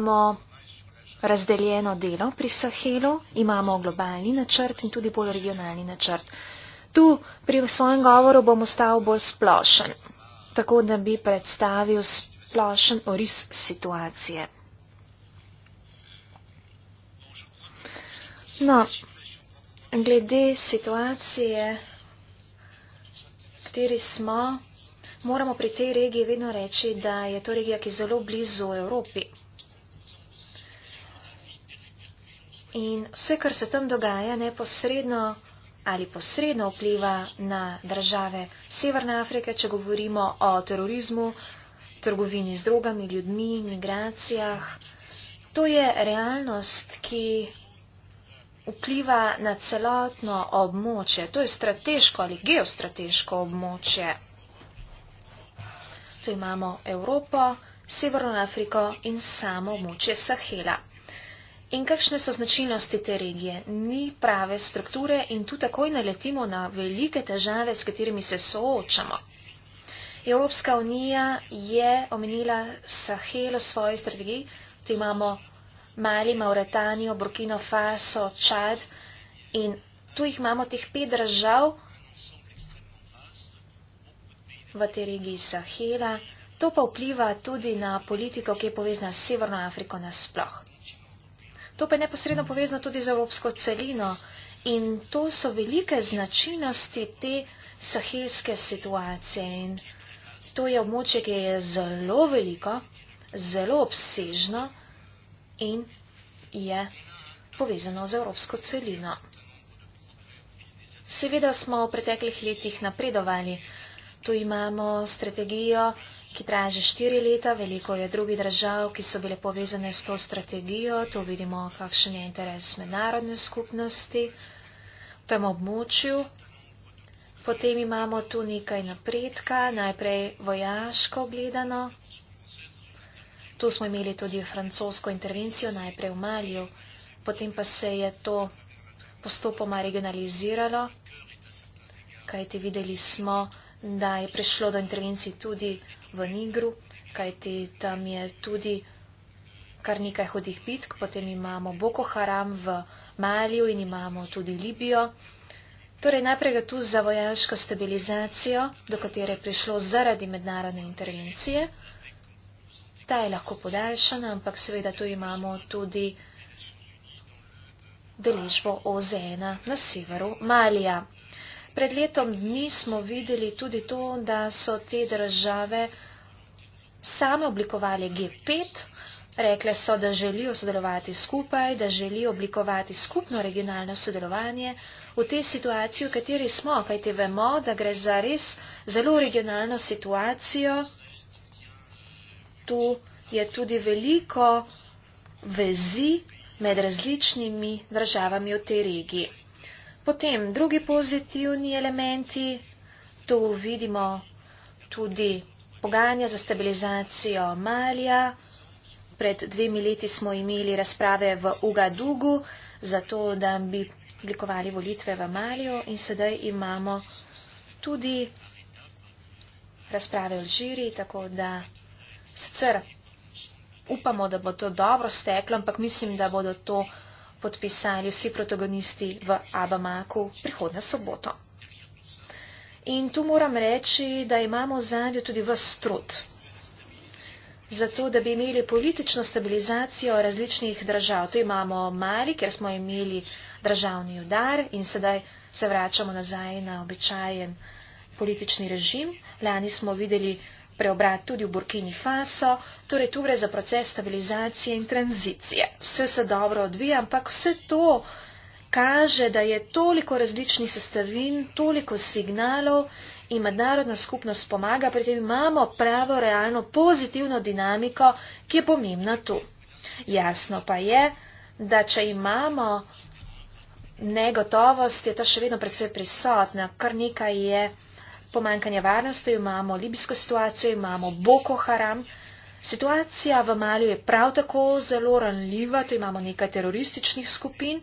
imamo razdeljeno delo pri Sahelu, imamo globalni načrt in tudi bolj regionalni načrt. Tu pri svojem govoru bom ostal bolj splošen, tako da bi predstavil splošen oris situacije. No, glede situacije, kateri smo, moramo pri tej regiji vedno reči, da je to regija, ki je zelo blizu Evropi. In vse, kar se tam dogaja, neposredno ali posredno vpliva na države Severne Afrike, če govorimo o terorizmu, trgovini z drogami, ljudmi, migracijah. To je realnost, ki vpliva na celotno območje. To je strateško ali geostrateško območje. Tu imamo Evropo, Severno Afriko in samo območje Sahela. In kakšne so značilnosti te regije? Ni prave strukture in tu takoj naletimo na velike težave, s katerimi se soočamo. Evropska unija je omenila Sahel v svoji strategiji. Tu imamo Mali, Mauretanijo, Burkino Faso, Čad in tu jih imamo teh pet držav v tej regiji Sahela. To pa vpliva tudi na politiko, ki je povezana s Severno Afriko nasploh. To pa je neposredno povezano tudi z evropsko celino in to so velike značilnosti te sahelske situacije in to je območje, ki je zelo veliko, zelo obsežno in je povezano z evropsko celino. Seveda smo v preteklih letih napredovali. Tu imamo strategijo, ki traja že štiri leta, veliko je drugih držav, ki so bile povezane s to strategijo. Tu vidimo, kakšen je interes mednarodne skupnosti v tem območju. Potem imamo tu nekaj napredka, najprej vojaško gledano. Tu smo imeli tudi francosko intervencijo, najprej v Malju, potem pa se je to postopoma regionaliziralo, kajti videli smo, da je prišlo do intervencij tudi v Nigru, kajti tam je tudi kar nekaj hudih bitk, potem imamo Boko Haram v Maliju in imamo tudi Libijo. Torej najprej tu za vojaško stabilizacijo, do katere je prišlo zaradi mednarodne intervencije. Ta je lahko podaljšana, ampak seveda tu imamo tudi deležbo OZN na severu Malija. Pred letom dni smo videli tudi to, da so te države same oblikovali G5, rekle so, da želijo sodelovati skupaj, da želijo oblikovati skupno regionalno sodelovanje v tej situaciji, v kateri smo, kajti vemo, da gre za res zelo regionalno situacijo. Tu je tudi veliko vezi med različnimi državami v tej regiji. Potem drugi pozitivni elementi, tu vidimo tudi pogajanja za stabilizacijo malja. Pred dvemi leti smo imeli razprave v Ugadugu, zato da bi oblikovali volitve v Malju in sedaj imamo tudi razprave v Žiri, tako da sicer upamo, da bo to dobro steklo, ampak mislim, da bodo to podpisali vsi protagonisti v Abamaku prihodnjo soboto. In tu moram reči, da imamo zadnjo tudi v strud. Zato, da bi imeli politično stabilizacijo različnih držav. Tu imamo Mali, ker smo imeli državni udar in sedaj se vračamo nazaj na običajen politični režim. Lani smo videli preobrat tudi v Burkini Faso, torej tu gre za proces stabilizacije in tranzicije. Vse se dobro odvija, ampak vse to kaže, da je toliko različnih sestavin, toliko signalov in mednarodna skupnost pomaga, pri tem imamo pravo, realno, pozitivno dinamiko, ki je pomembna tu. Jasno pa je, da če imamo negotovost, je ta še vedno predvsej prisotna, kar nekaj je pomankanje varnosti, imamo libijsko situacijo, imamo Boko Haram. Situacija v Maliju je prav tako zelo ranljiva, tu imamo nekaj terorističnih skupin,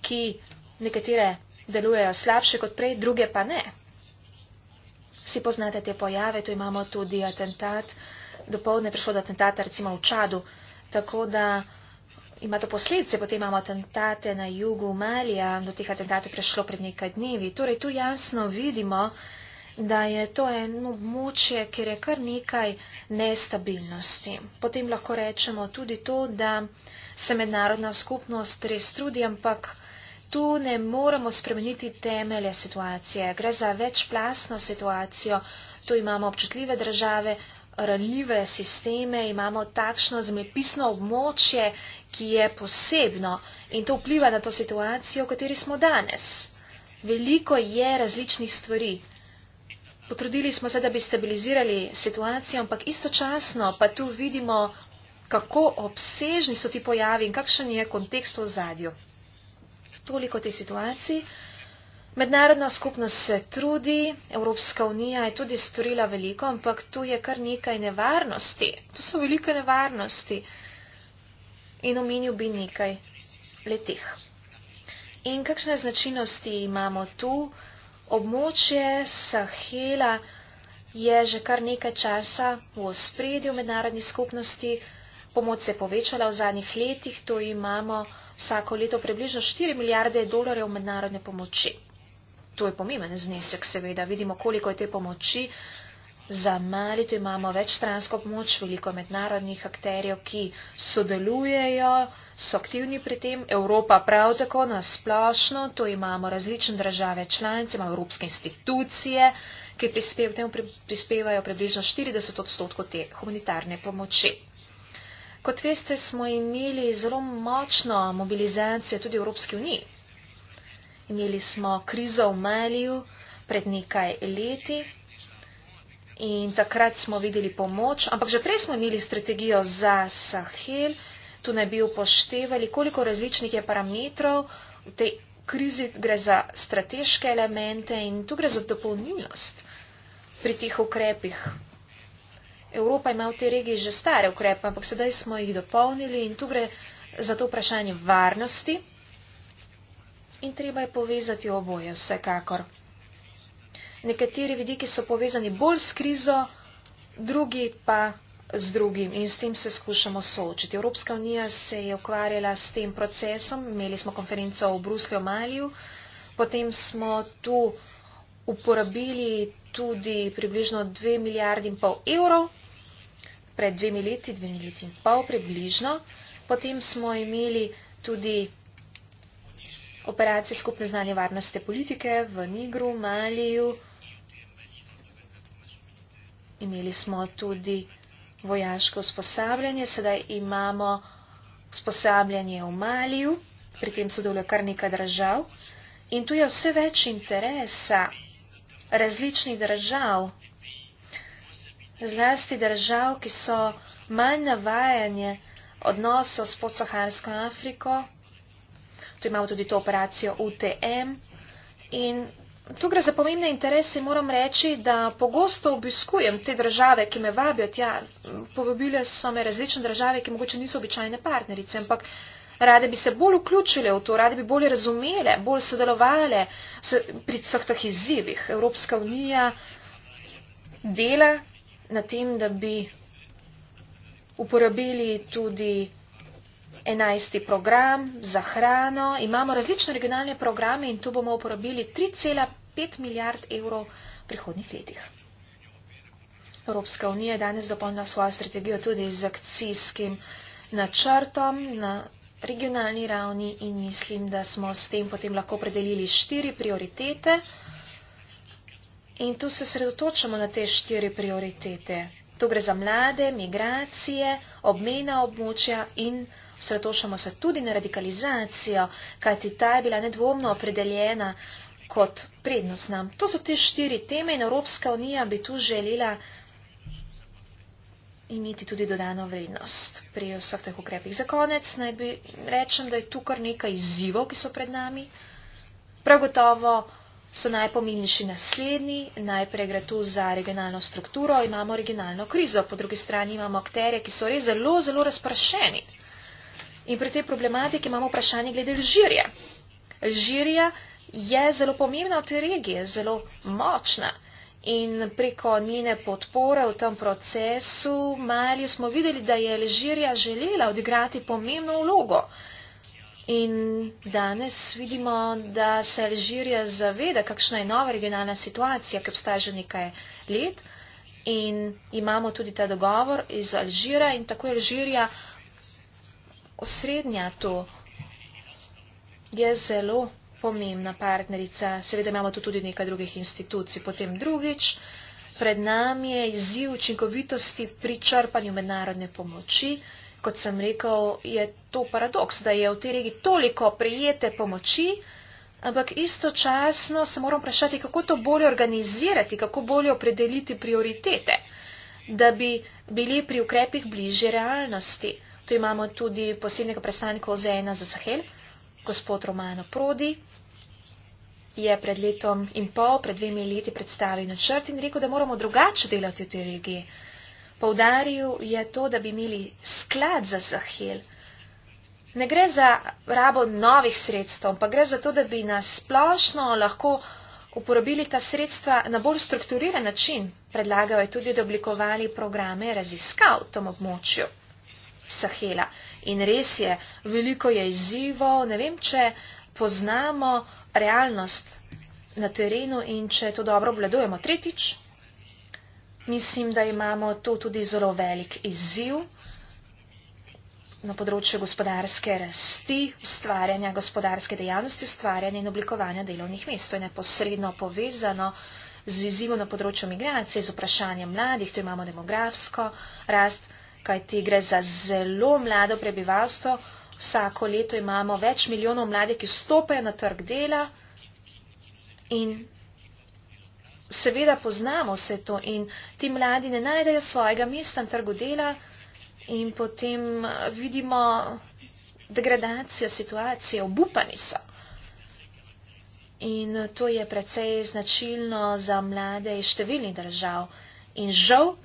ki nekatere delujejo slabše kot prej, druge pa ne. Vsi poznate te pojave, tu imamo tudi atentat, dopolne prišlo do atentata recimo v Čadu. Tako da ima to posledce, potem imamo atentate na jugu Malija, do teh atentatov prešlo pred nekaj dnevi. Torej, tu jasno vidimo, da je to eno območje, kjer je kar nekaj nestabilnosti. Potem lahko rečemo tudi to, da se mednarodna skupnost res trudi, ampak tu ne moremo spremeniti temelje situacije. Gre za večplastno situacijo, tu imamo občutljive države, ranljive sisteme, imamo takšno zmepisno območje, ki je posebno in to vpliva na to situacijo, v kateri smo danes. Veliko je različnih stvari. Potrudili smo se, da bi stabilizirali situacijo, ampak istočasno pa tu vidimo, kako obsežni so ti pojavi in kakšen je kontekst v zadju. Toliko te situaciji. Mednarodna skupnost se trudi, Evropska unija je tudi storila veliko, ampak tu je kar nekaj nevarnosti. Tu so velike nevarnosti in omenil bi nekaj letih. In kakšne značilnosti imamo tu? Območje Sahela je že kar nekaj časa v ospredju mednarodni skupnosti, pomoč se je povečala v zadnjih letih, to imamo vsako leto približno 4 milijarde dolarjev mednarodne pomoči. To je pomemben znesek, seveda, vidimo, koliko je te pomoči Za Mali tu imamo večstransko pomoč, veliko mednarodnih akterjev, ki sodelujejo, so aktivni pri tem. Evropa prav tako nasplošno, tu imamo različne države članice, imamo evropske institucije, ki prispev, prispevajo približno 40 odstotkov te humanitarne pomoči. Kot veste, smo imeli zelo močno mobilizacijo tudi v Evropski uniji. Imeli smo krizo v Maliju pred nekaj leti. In takrat smo videli pomoč, ampak že prej smo imeli strategijo za Sahel, tu naj bi upoštevali, koliko različnih je parametrov v tej krizi, gre za strateške elemente in tu gre za dopolnilnost pri teh ukrepih. Evropa ima v tej regiji že stare ukrepe, ampak sedaj smo jih dopolnili in tu gre za to vprašanje varnosti in treba je povezati oboje vsekakor nekateri vidiki so povezani bolj s krizo, drugi pa z drugim in s tem se skušamo soočiti. Evropska unija se je ukvarjala s tem procesom, imeli smo konferenco v Bruslju, Malju, potem smo tu uporabili tudi približno 2 milijardi in pol evrov, pred dvemi leti, dvemi leti in pol približno, potem smo imeli tudi operacije skupne znanje varnosti politike v Nigru, Maliju, imeli smo tudi vojaško usposabljanje, sedaj imamo usposabljanje v Maliju, pri tem sodeluje kar nekaj držav in tu je vse več interesa različnih držav, zlasti držav, ki so manj navajanje odnosov s podsaharsko Afriko. Tu imamo tudi to operacijo UTM in Tu gre za pomembne interese in moram reči, da pogosto obiskujem te države, ki me vabijo tja. Povabile so me različne države, ki mogoče niso običajne partnerice, ampak rade bi se bolj vključile v to, rade bi bolje razumele, bolj sodelovale pri vseh teh izzivih. Evropska unija dela na tem, da bi uporabili tudi. 11. program za hrano. Imamo različne regionalne programe in tu bomo uporabili 5 milijard evrov v prihodnih letih. Evropska unija je danes dopolnila svojo strategijo tudi z akcijskim načrtom na regionalni ravni in mislim, da smo s tem potem lahko predelili štiri prioritete. In tu se sredotočamo na te štiri prioritete. Tu gre za mlade, migracije, obmena območja in sredotočamo se tudi na radikalizacijo, kajti ta je bila nedvomno opredeljena kot prednost nam. To so te štiri teme in Evropska unija bi tu želela imeti tudi dodano vrednost pri vseh teh ukrepih. Za konec naj bi rečem, da je tu kar nekaj izzivov, ki so pred nami. Prav gotovo so najpomembnejši naslednji. Najprej gre tu za regionalno strukturo, imamo regionalno krizo, po drugi strani imamo akterje, ki so res zelo, zelo razprašeni. In pri tej problematiki imamo vprašanje glede Alžirije. Alžirija je zelo pomembna v tej regiji, zelo močna. In preko njene podpore v tem procesu Mali smo videli, da je Alžirija želela odigrati pomembno vlogo. In danes vidimo, da se Alžirija zaveda, kakšna je nova regionalna situacija, ki obstaja že nekaj let. In imamo tudi ta dogovor iz Alžira in tako je Alžirija osrednja to. Je zelo pomembna partnerica. Seveda imamo tu tudi nekaj drugih institucij. Potem drugič, pred nami je izziv učinkovitosti pri črpanju mednarodne pomoči. Kot sem rekel, je to paradoks, da je v tej regiji toliko prijete pomoči, ampak istočasno se moramo vprašati, kako to bolje organizirati, kako bolje opredeliti prioritete, da bi bili pri ukrepih bliže realnosti. Tu imamo tudi posebnega predstavnika OZN za Sahel gospod Romano Prodi je pred letom in pol, pred dvemi leti predstavil načrt in rekel, da moramo drugače delati v tej regiji. Povdaril je to, da bi imeli sklad za zahel. Ne gre za rabo novih sredstev, pa gre za to, da bi nas splošno lahko uporabili ta sredstva na bolj strukturiran način. Predlagal je tudi, da oblikovali programe raziskav v tem območju Sahela. In res je, veliko je izzivov, ne vem, če poznamo realnost na terenu in če to dobro obvladujemo. Tretjič, mislim, da imamo tu tudi zelo velik izziv na področju gospodarske rasti, ustvarjanja gospodarske dejavnosti, ustvarjanja in oblikovanja delovnih mest. To je neposredno povezano z izzivom na področju migracije, z vprašanjem mladih, tu imamo demografsko rast, kajti gre za zelo mlado prebivalstvo. Vsako leto imamo več milijonov mladih, ki stopajo na trg dela in seveda poznamo vse to in ti mladi ne najdejo svojega mesta na trgu dela in potem eh, vidimo degradacijo situacije, obupani so. In eh, to je precej značilno za mlade iz številnih držav. In žal,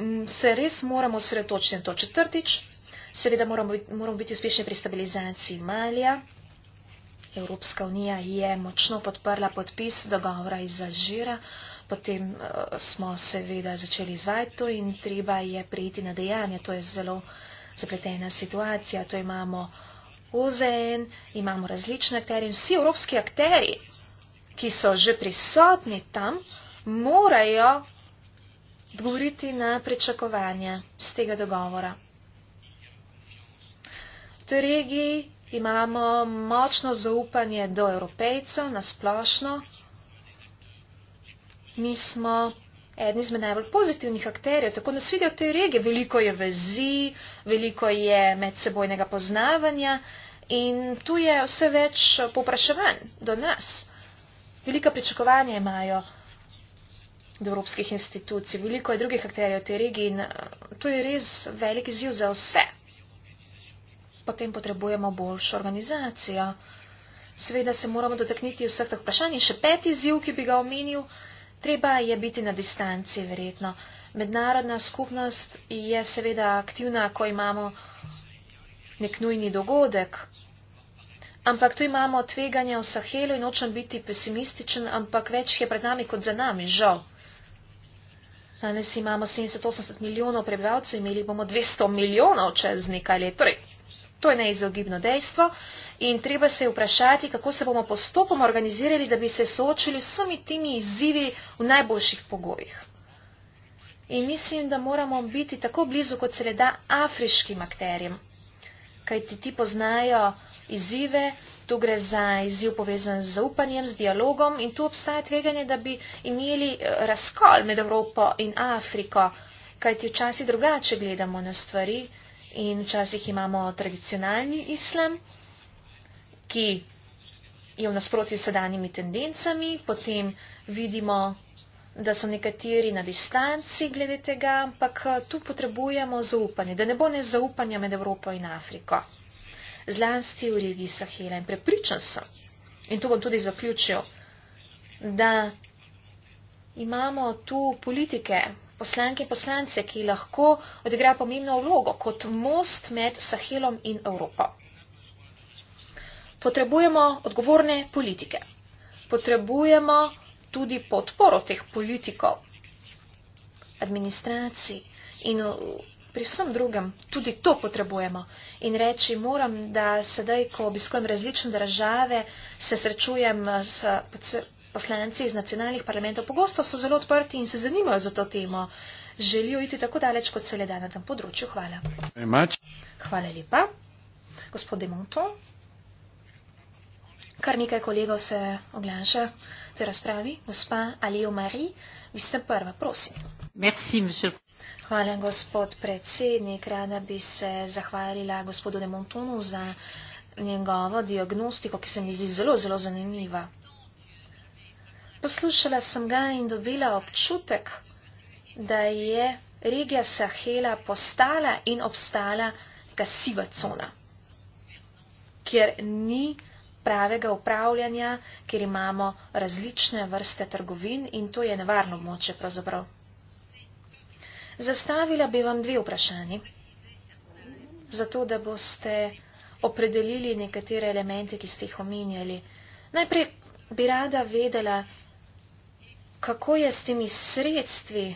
Mm, se res moramo sretočiti to četrtič. Seveda moramo biti, moramo biti uspešni pri stabilizaciji Malija. Evropska unija je močno podprla podpis dogovora iz Alžira. Potem uh, smo seveda začeli izvajati to in treba je prijeti na dejanje. To je zelo zapletena situacija. To imamo OZN, imamo različne akterje in vsi evropski akteri, ki so že prisotni tam, morajo odgovoriti na prečakovanje z tega dogovora. V tej regiji imamo močno zaupanje do evropejcev na splošno. Mi smo eden izmed najbolj pozitivnih akterjev, tako nas vidijo v tej regiji. Veliko je vezi, veliko je medsebojnega poznavanja in tu je vse več popraševanj do nas. Velika pričakovanja imajo do evropskih institucij. Veliko je drugih akterjev v tej regiji in eh, to je res velik izziv za vse. Potem potrebujemo boljšo organizacijo. Seveda se moramo dotakniti vseh teh vprašanj in še peti izziv, ki bi ga omenil, treba je biti na distanci, verjetno. Mednarodna skupnost je seveda aktivna, ko imamo nek nujni dogodek. Ampak tu imamo tveganja v Sahelu in očem biti pesimističen, ampak več je pred nami kot za nami, žal. Danes imamo 70-80 milijonov prebivalcev, imeli bomo 200 milijonov čez nekaj let. Torej, to je neizogibno dejstvo in treba se vprašati, kako se bomo postopoma organizirali, da bi se soočili s vsemi temi izzivi v najboljših pogojih. In mislim, da moramo biti tako blizu, kot se le da afriškim akterjem, kajti ti poznajo izzive, Tu gre za izziv povezan z upanjem, z dialogom in tu obstaja tveganje, da bi imeli eh, razkol med Evropo in Afriko, kajti včasih drugače gledamo na stvari in včasih imamo tradicionalni islam, ki je v nasprotju s sedanjimi tendencami, potem vidimo, da so nekateri na distanci glede tega, ampak eh, tu potrebujemo zaupanje, da ne bo nezaupanja med Evropo in Afriko zlasti v regiji Sahela. In prepričan sem, in to bom tudi zaključil, da imamo tu politike, poslanke in poslance, ki lahko odigrajo pomembno vlogo kot most med Sahelom in Evropo. Potrebujemo odgovorne politike. Potrebujemo tudi podporo teh politikov, administracij in pri vsem drugem tudi to potrebujemo. In reči moram, da sedaj, ko obiskujem različne države, se srečujem s poslanci iz nacionalnih parlamentov, pogosto so zelo odprti in se zanimajo za to temo. Želijo iti tako daleč, kot se le da na tem področju. Hvala. Hvala lepa. Gospod Demonto. Kar nekaj kolegov se oglaža te razpravi. Gospa Alijo Mari, vi ste prva, prosim. Merci, monsieur. Hvala, gospod predsednik. Rada bi se zahvalila gospodu Demontonu za njegovo diagnostiko, ki se mi zdi zelo, zelo zanimiva. Poslušala sem ga in dobila občutek, da je regija Sahela postala in obstala kasiva cona, kjer ni pravega upravljanja, kjer imamo različne vrste trgovin in to je nevarno območje pravzaprav. Zastavila bi vam dve vprašanji, zato da boste opredelili nekatere elemente, ki ste jih omenjali. Najprej bi rada vedela, kako je s temi sredstvi,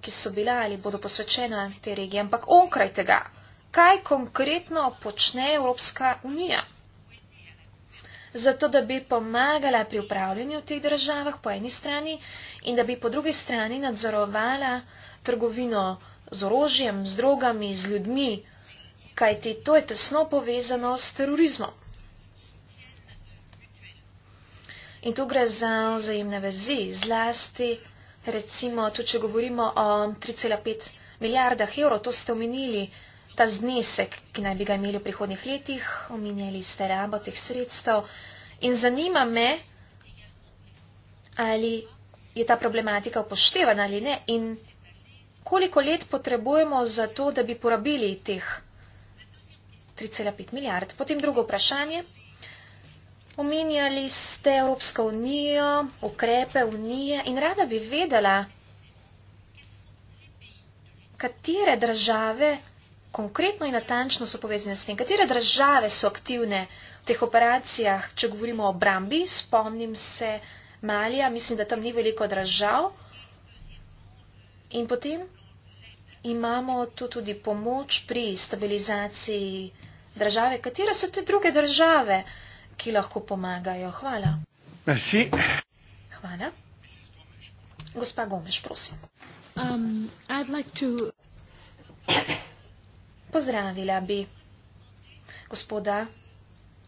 ki so bila ali bodo posvečena te regije, ampak onkraj tega, kaj konkretno počne Evropska unija? Zato, da bi pomagala pri upravljanju v teh državah po eni strani in da bi po drugi strani nadzorovala trgovino z orožjem, z drogami, z ljudmi, kajti to je tesno povezano s terorizmom. In tu gre za vzajemne vezi, zlasti recimo, tudi če govorimo o 3,5 milijardah evrov, to ste omenili, ta znesek, ki naj bi ga imeli v prihodnih letih, omenjali ste rabo teh sredstev. In zanima me, ali je ta problematika upoštevana ali ne in koliko let potrebujemo za to, da bi porabili teh 3,5 milijard. Potem drugo vprašanje. Omenjali ste Evropsko unijo, ukrepe unije in rada bi vedela, katere države konkretno in natančno so povezane s tem, katere države so aktivne v teh operacijah, če govorimo o obrambi, spomnim se Malija, mislim, da tam ni veliko držav. In potem imamo tu tudi pomoč pri stabilizaciji države. Katere so te druge države, ki lahko pomagajo? Hvala. Merci. Hvala. Gospa Gomeš, prosim. Um, I'd like to... Pozdravila bi gospoda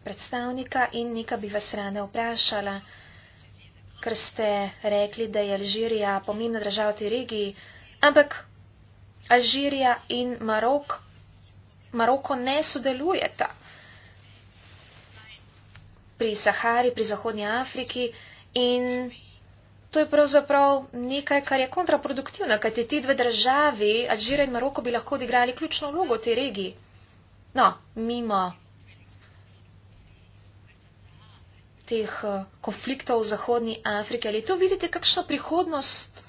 predstavnika in neka bi vas rane vprašala, ker ste rekli, da je Alžirija pomembna država v tej regiji. Ampak Alžirija in Marok, Maroko ne sodelujeta pri Sahari, pri Zahodnji Afriki in to je pravzaprav nekaj, kar je kontraproduktivno, kaj ti ti dve državi, Alžirija in Maroko, bi lahko odigrali ključno vlogo v tej regiji. No, mimo teh eh, konfliktov v Zahodnji Afriki. Ali tu vidite, kakšno prihodnost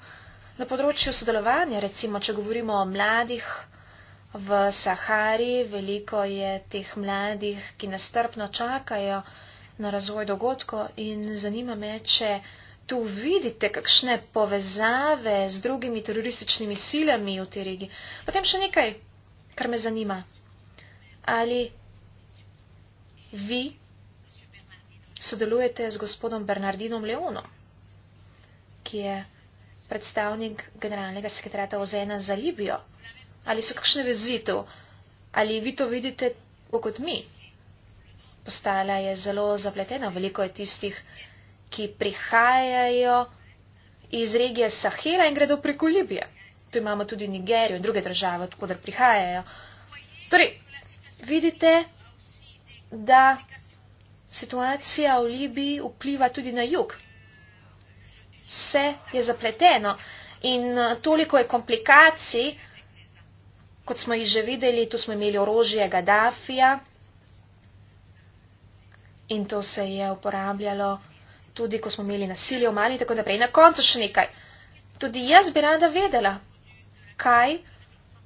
Na področju sodelovanja, recimo, če govorimo o mladih v Sahari, veliko je teh mladih, ki nestrpno čakajo na razvoj dogodkov in zanima me, če tu vidite kakšne povezave z drugimi terorističnimi silami v tej regiji. Potem še nekaj, kar me zanima. Ali vi sodelujete z gospodom Bernardinom Leonom, ki je predstavnik generalnega sekretarja OZN za Libijo? Ali so kakšne vezi tu? Ali vi to vidite tako kot mi? Postala je zelo zapletena. Veliko je tistih, ki prihajajo iz regije Sahela in gredo preko Libije. Tu imamo tudi Nigerijo in druge države, odkudar prihajajo. Torej, vidite, da situacija v Libiji vpliva tudi na jug vse je zapleteno in eh, toliko je komplikacij, kot smo jih že videli, tu smo imeli orožje Gaddafija in to se je uporabljalo tudi, ko smo imeli nasilje v Mali in tako naprej. Na koncu še nekaj. Tudi jaz bi rada vedela, kaj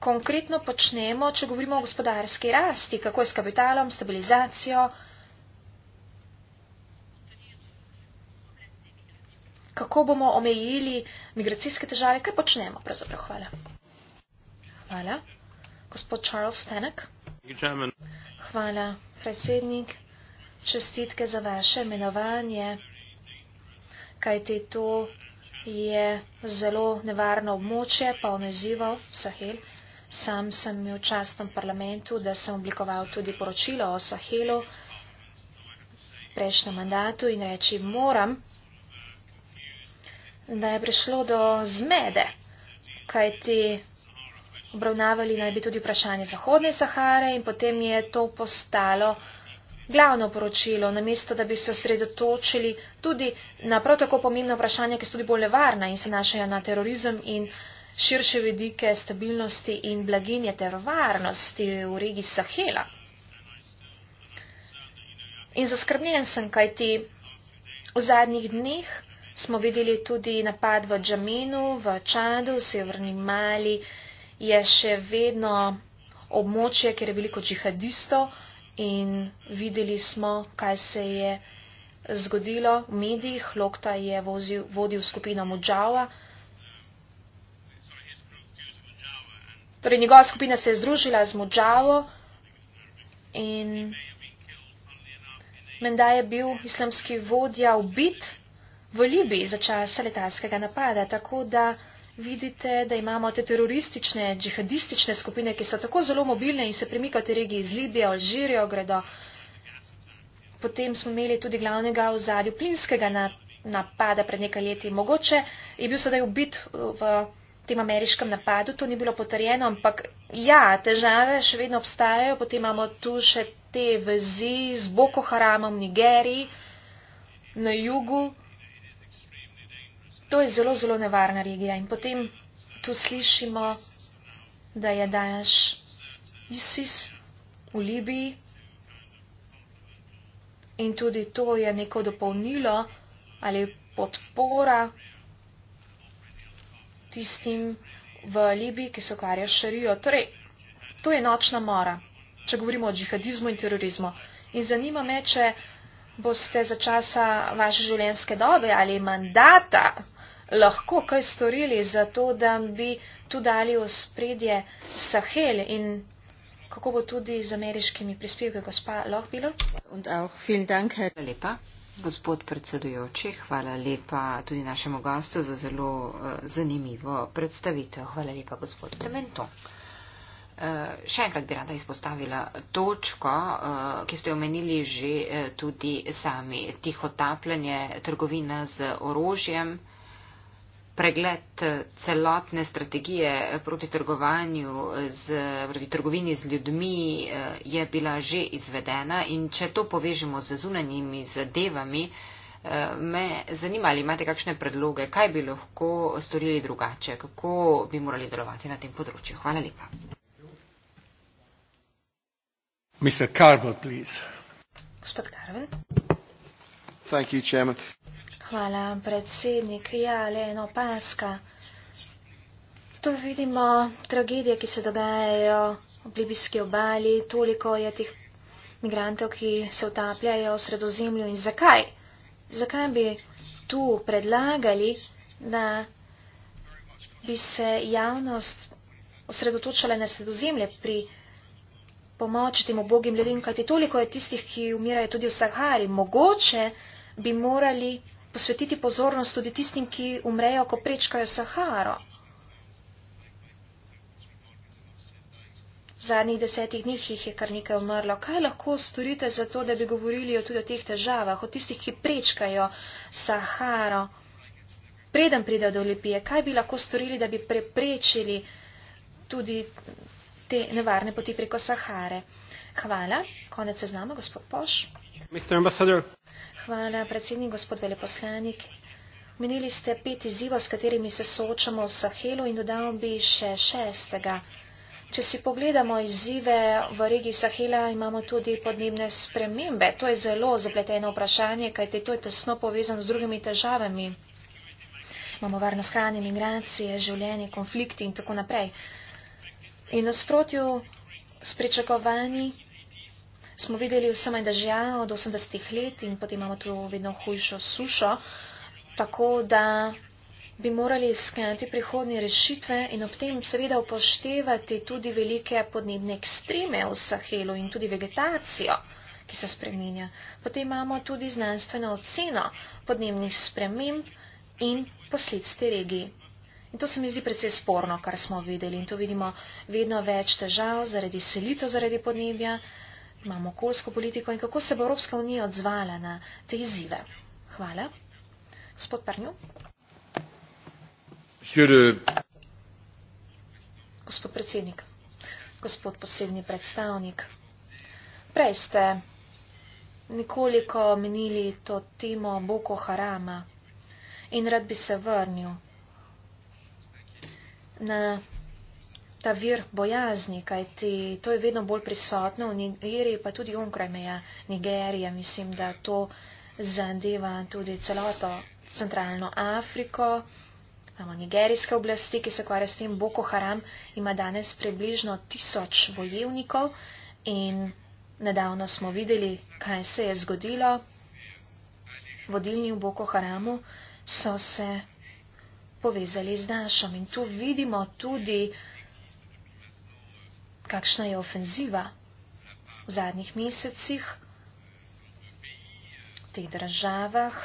konkretno počnemo, če govorimo o gospodarski rasti, kako je s kapitalom, stabilizacijo. kako bomo omejili migracijske težave, kaj počnemo pravzaprav. Hvala. Hvala. Gospod Charles Stenek. Hvala, predsednik. Čestitke za vaše imenovanje, kajti to je zelo nevarno območje, polno izzivov, Sahel. Sam sem imel čast v parlamentu, da sem oblikoval tudi poročilo o Sahelu prejšnjem mandatu in reči moram da je prišlo do zmede, kajti obravnavali naj bi tudi vprašanje Zahodne Sahare in potem je to postalo glavno poročilo, namesto da bi se osredotočili tudi na prav tako pomembna vprašanja, ki so tudi bolj varna in se našajo na terorizem in širše vidike stabilnosti in blaginje ter varnosti v regiji Sahela. In zaskrbljen sem, kajti v zadnjih dneh smo videli tudi napad v Džaminu, v Čadu, v Severni Mali, je še vedno območje, kjer je veliko džihadistov in videli smo, kaj se je zgodilo v medijih. Lokta je vozil, vodil skupino Mujava. Torej, njegova skupina se je združila z Mujavo in menda je bil islamski vodja ubit v Libiji za čas letalskega napada, tako da vidite, da imamo te teroristične, džihadistične skupine, ki so tako zelo mobilne in se premikajo te regije iz Libije, Alžirijo, gredo. Potem smo imeli tudi glavnega v zadju plinskega napada pred nekaj leti. Mogoče je bil sedaj ubit v tem ameriškem napadu, to ni bilo potrjeno, ampak ja, težave še vedno obstajajo. Potem imamo tu še te vezi z Boko Haramom v Nigeriji, na jugu To je zelo, zelo nevarna regija. In potem tu slišimo, da je Daješ ISIS v Libiji. In tudi to je neko dopolnilo ali podpora tistim v Libiji, ki se ukvarja šarijo. Torej, to je nočna mora, če govorimo o džihadizmu in terorizmu. In zanima me, če boste za časa vaše življenjske dobe ali mandata lahko kaj storili za to, da bi tu dali v spredje Sahel in kako bo tudi z ameriškimi prispevki, gospa Lohbilo? Gospod predsedujoči, hvala lepa tudi našemu gostu za zelo uh, zanimivo predstavitev. Hvala lepa, gospod Cementon. Uh, eh, še enkrat bi rada izpostavila točko, uh, ki ste omenili že uh, tudi sami. Tiho tapljanje, trgovina z orožjem pregled eh, celotne strategije eh, proti trgovanju, z, eh, proti trgovini z ljudmi je bila že izvedena in če to povežemo z zunanjimi zadevami, me zanima, ali imate kakšne predloge, kaj bi lahko storili drugače, kako bi morali delovati na tem področju. Hvala lepa. Mr. Carvel, please. Gospod Carvel. Thank you, Chairman. Hvala, predsednik. Ja, le en opaska. Tu vidimo tragedije, ki se dogajajo ob libijski obali. Toliko je teh migrantov, ki se utapljajo v sredozemlju. In zakaj? Zakaj bi tu predlagali, da bi se javnost osredotočala na sredozemlje pri pomoči tem obogim ljudem, kajti toliko je tistih, ki umirajo tudi v Sahari. Mogoče bi morali posvetiti pozornost tudi tistim, ki umrejo, ko prečkajo Saharo. V zadnjih desetih dneh jih je kar nekaj umrlo. Kaj lahko storite za to, da bi govorili tudi o teh težavah, o tistih, ki prečkajo Saharo? Preden pride do Olimpije, kaj bi lahko storili, da bi preprečili tudi te nevarne poti preko Sahare? Hvala. Konec seznama, gospod Poš. Hvala, predsednik, gospod veleposlanik. Menili ste pet izzivov, s katerimi se soočamo v Sahelu in dodal bi še šestega. Če si pogledamo izzive v regiji Sahela, imamo tudi podnebne spremembe. To je zelo zapleteno vprašanje, kajte to je tesno povezano z drugimi težavami. Imamo varno skrajanje, migracije, življenje, konflikti in tako naprej. In nasprotju s pričakovanji smo videli vse manj dežja od 80-ih let in potem imamo tu vedno hujšo sušo, tako da bi morali iskati prihodnje rešitve in ob tem seveda upoštevati tudi velike podnebne ekstreme v Sahelu in tudi vegetacijo, ki se spreminja. Potem imamo tudi znanstveno oceno podnebnih sprememb in posledic te regiji. In to se mi zdi precej sporno, kar smo videli. In to vidimo vedno več težav zaradi selitev, zaradi podnebja imamo okoljsko politiko in kako se bo Evropska unija odzvala na te izzive. Hvala. Gospod Pernju. Gospod predsednik, gospod posebni predstavnik, prej ste nekoliko menili to temo Boko Harama in rad bi se vrnil na ta vir bojazni, kajti to je vedno bolj prisotno v Nigeriji, pa tudi onkraj meja Nigerije. Mislim, da to zadeva tudi celoto centralno Afriko. Imamo nigerijske oblasti, ki se ukvarja s tem. Boko Haram ima danes približno tisoč bojevnikov in nedavno smo videli, kaj se je zgodilo. Vodilni v Boko Haramu so se povezali z našom in tu vidimo tudi uh, kakšna je ofenziva v zadnjih mesecih v teh državah,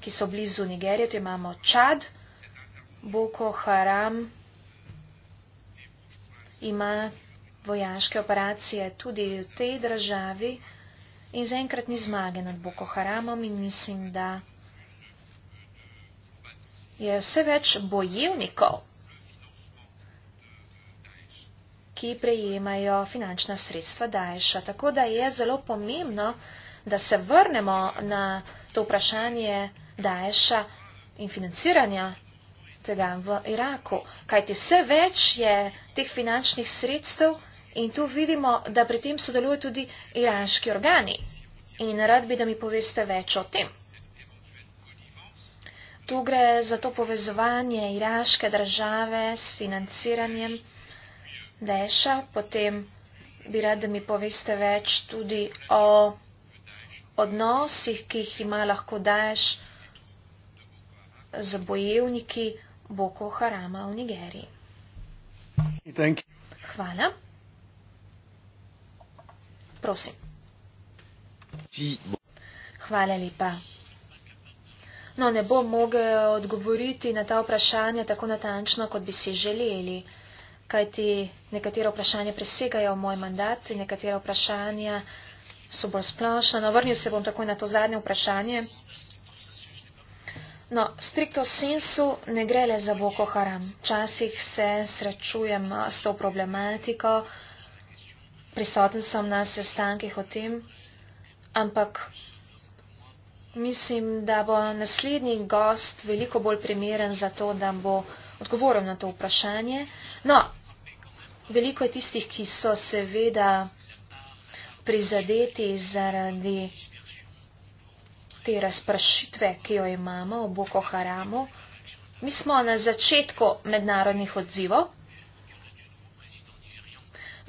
ki so blizu Nigerije, tu imamo Čad, Boko Haram ima vojaške operacije tudi v tej državi in zaenkrat ni zmage nad Boko Haramom in mislim, da je vse več bojevnikov ki prejemajo finančna sredstva daljša. Tako da je zelo pomembno, da se vrnemo na to vprašanje daješa in financiranja tega v Iraku. Kajti vse več je teh finančnih sredstev in tu vidimo, da pri tem sodeluje tudi iranski organi. In rad bi, da mi poveste več o tem. Tu gre za to povezovanje iraške države s financiranjem. Neša, potem bi rad, da mi poveste več tudi o odnosih, ki jih ima lahko daješ za bojevniki Boko Harama v Nigeriji. Hvala. Prosim. Hvala lepa. No, ne bom mogel odgovoriti na ta vprašanja tako natančno, kot bi si želeli. Uh, kajti nekatera vprašanja presegajo moj mandat in nekatera vprašanja so bolj splošna. No, vrnil se bom takoj na to zadnje vprašanje. No, strikto sensu ne gre le za Boko Haram. Včasih se srečujem s to problematiko, prisoten sem na sestankih o tem, ampak mislim, da bo naslednji gost veliko bolj primeren za to, da bo odgovoril na to vprašanje. No, Veliko je tistih, ki so seveda prizadeti zaradi te razpršitve, ki jo imamo v Boko Haramu. Mi smo na začetku mednarodnih odzivov.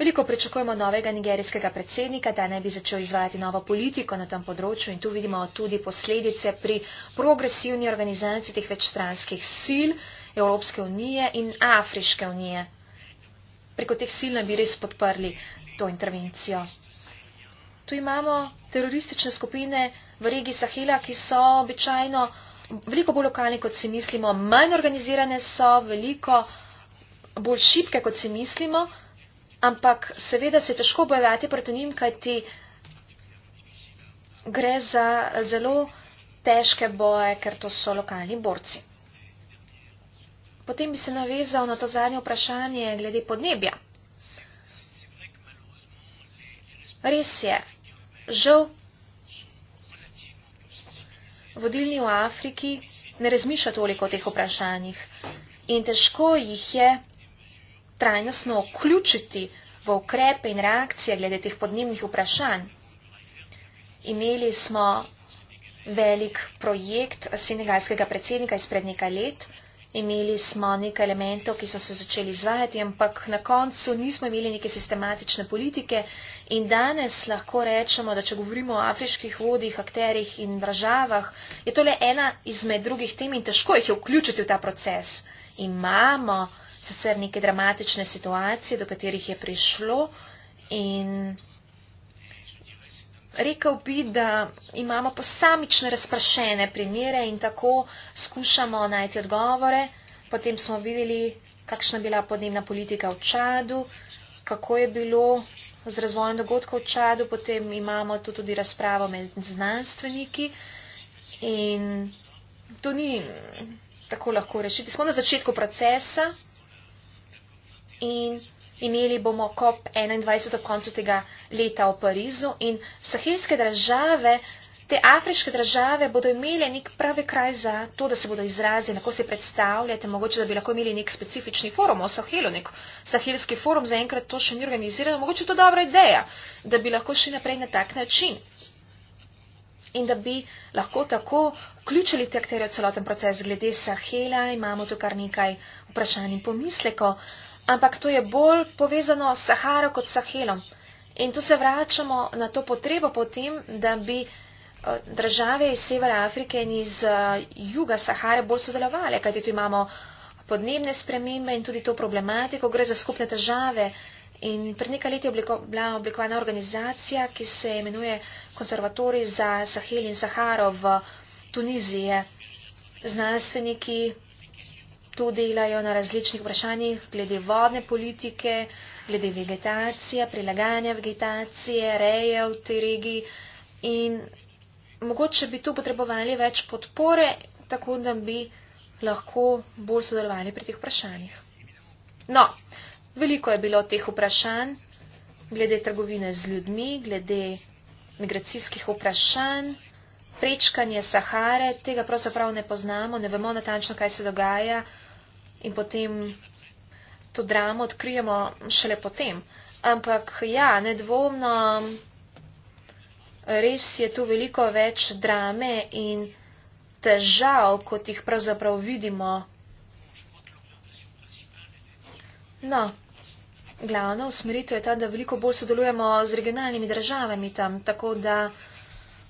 Veliko pričakujemo novega nigerijskega predsednika, da ne bi začel izvajati novo politiko na tem področju in tu vidimo tudi posledice pri progresivni organizaciji teh večstranskih sil Evropske unije in Afriške unije preko teh sil ne bi res podprli to intervencijo. Tu imamo teroristične skupine v regiji Sahela, ki so običajno veliko bolj lokalne, kot si mislimo, manj organizirane so, veliko bolj šibke, kot si mislimo, ampak seveda se je težko bojevati proti njim, kajti gre za zelo težke boje, ker to so lokalni borci. Potem bi se navezal na to zadnje vprašanje glede podnebja. Res je, žal, vodilni v Afriki ne razmišlja toliko o teh vprašanjih in težko jih je trajnostno vključiti v ukrepe in reakcije glede teh podnebnih vprašanj. Imeli smo velik projekt senegalskega predsednika izpred nekaj let, imeli smo nekaj elementov, ki so se začeli izvajati, ampak na koncu nismo imeli neke sistematične politike in danes lahko rečemo, da če govorimo o afriških vodih, akterjih in državah, je to le ena izmed drugih tem in težko jih je vključiti v ta proces. Imamo sicer neke dramatične situacije, do katerih je prišlo in Rekel bi, da imamo posamične razprašene primere in tako skušamo najti odgovore. Potem smo videli, kakšna je bila podnebna politika v Čadu, kako je bilo z razvojem dogodkov v Čadu. Potem imamo tu tudi razpravo med znanstveniki in to ni tako lahko rešiti. Smo na začetku procesa in Imeli bomo COP21 ob koncu tega leta v Parizu in sahelske države, te afriške države bodo imeli nek pravi kraj za to, da se bodo izrazili, kako se predstavljate, mogoče da bi lahko imeli nek specifični forum o Sahelu, nek sahelski forum, zaenkrat to še ni organizirano, mogoče to dobra ideja, da bi lahko šli naprej na tak način in da bi lahko tako vključili te akterje v celoten proces glede Sahela. Imamo tu kar nekaj vprašanj in pomislekov ampak to je bolj povezano s Saharo kot Sahelom. In tu se vračamo na to potrebo potem, da bi eh, države iz Severa Afrike in iz eh, juga Sahare bolj sodelovali, kajti tu imamo podnebne spremembe in tudi to problematiko, gre za skupne države. In pred nekaj leti je obliko, bila oblikovana organizacija, ki se imenuje Konservatori za Sahel in Saharo v Tuniziji. Znanstveniki to delajo na različnih vprašanjih glede vodne politike, glede vegetacije, prilagajanja vegetacije, reje v tej regiji in mogoče bi tu potrebovali več podpore, tako da bi lahko bolj sodelovali pri teh vprašanjih. No, veliko je bilo teh vprašanj glede trgovine z ljudmi, glede migracijskih vprašanj, prečkanje Sahare, tega pravzaprav ne poznamo, ne vemo natančno, kaj se dogaja in potem to dramo odkrijemo šele potem. Ampak ja, nedvomno, res je tu veliko več drame in težav, kot jih pravzaprav vidimo. No, glavna usmeritev je ta, da veliko bolj sodelujemo z regionalnimi državami tam, tako da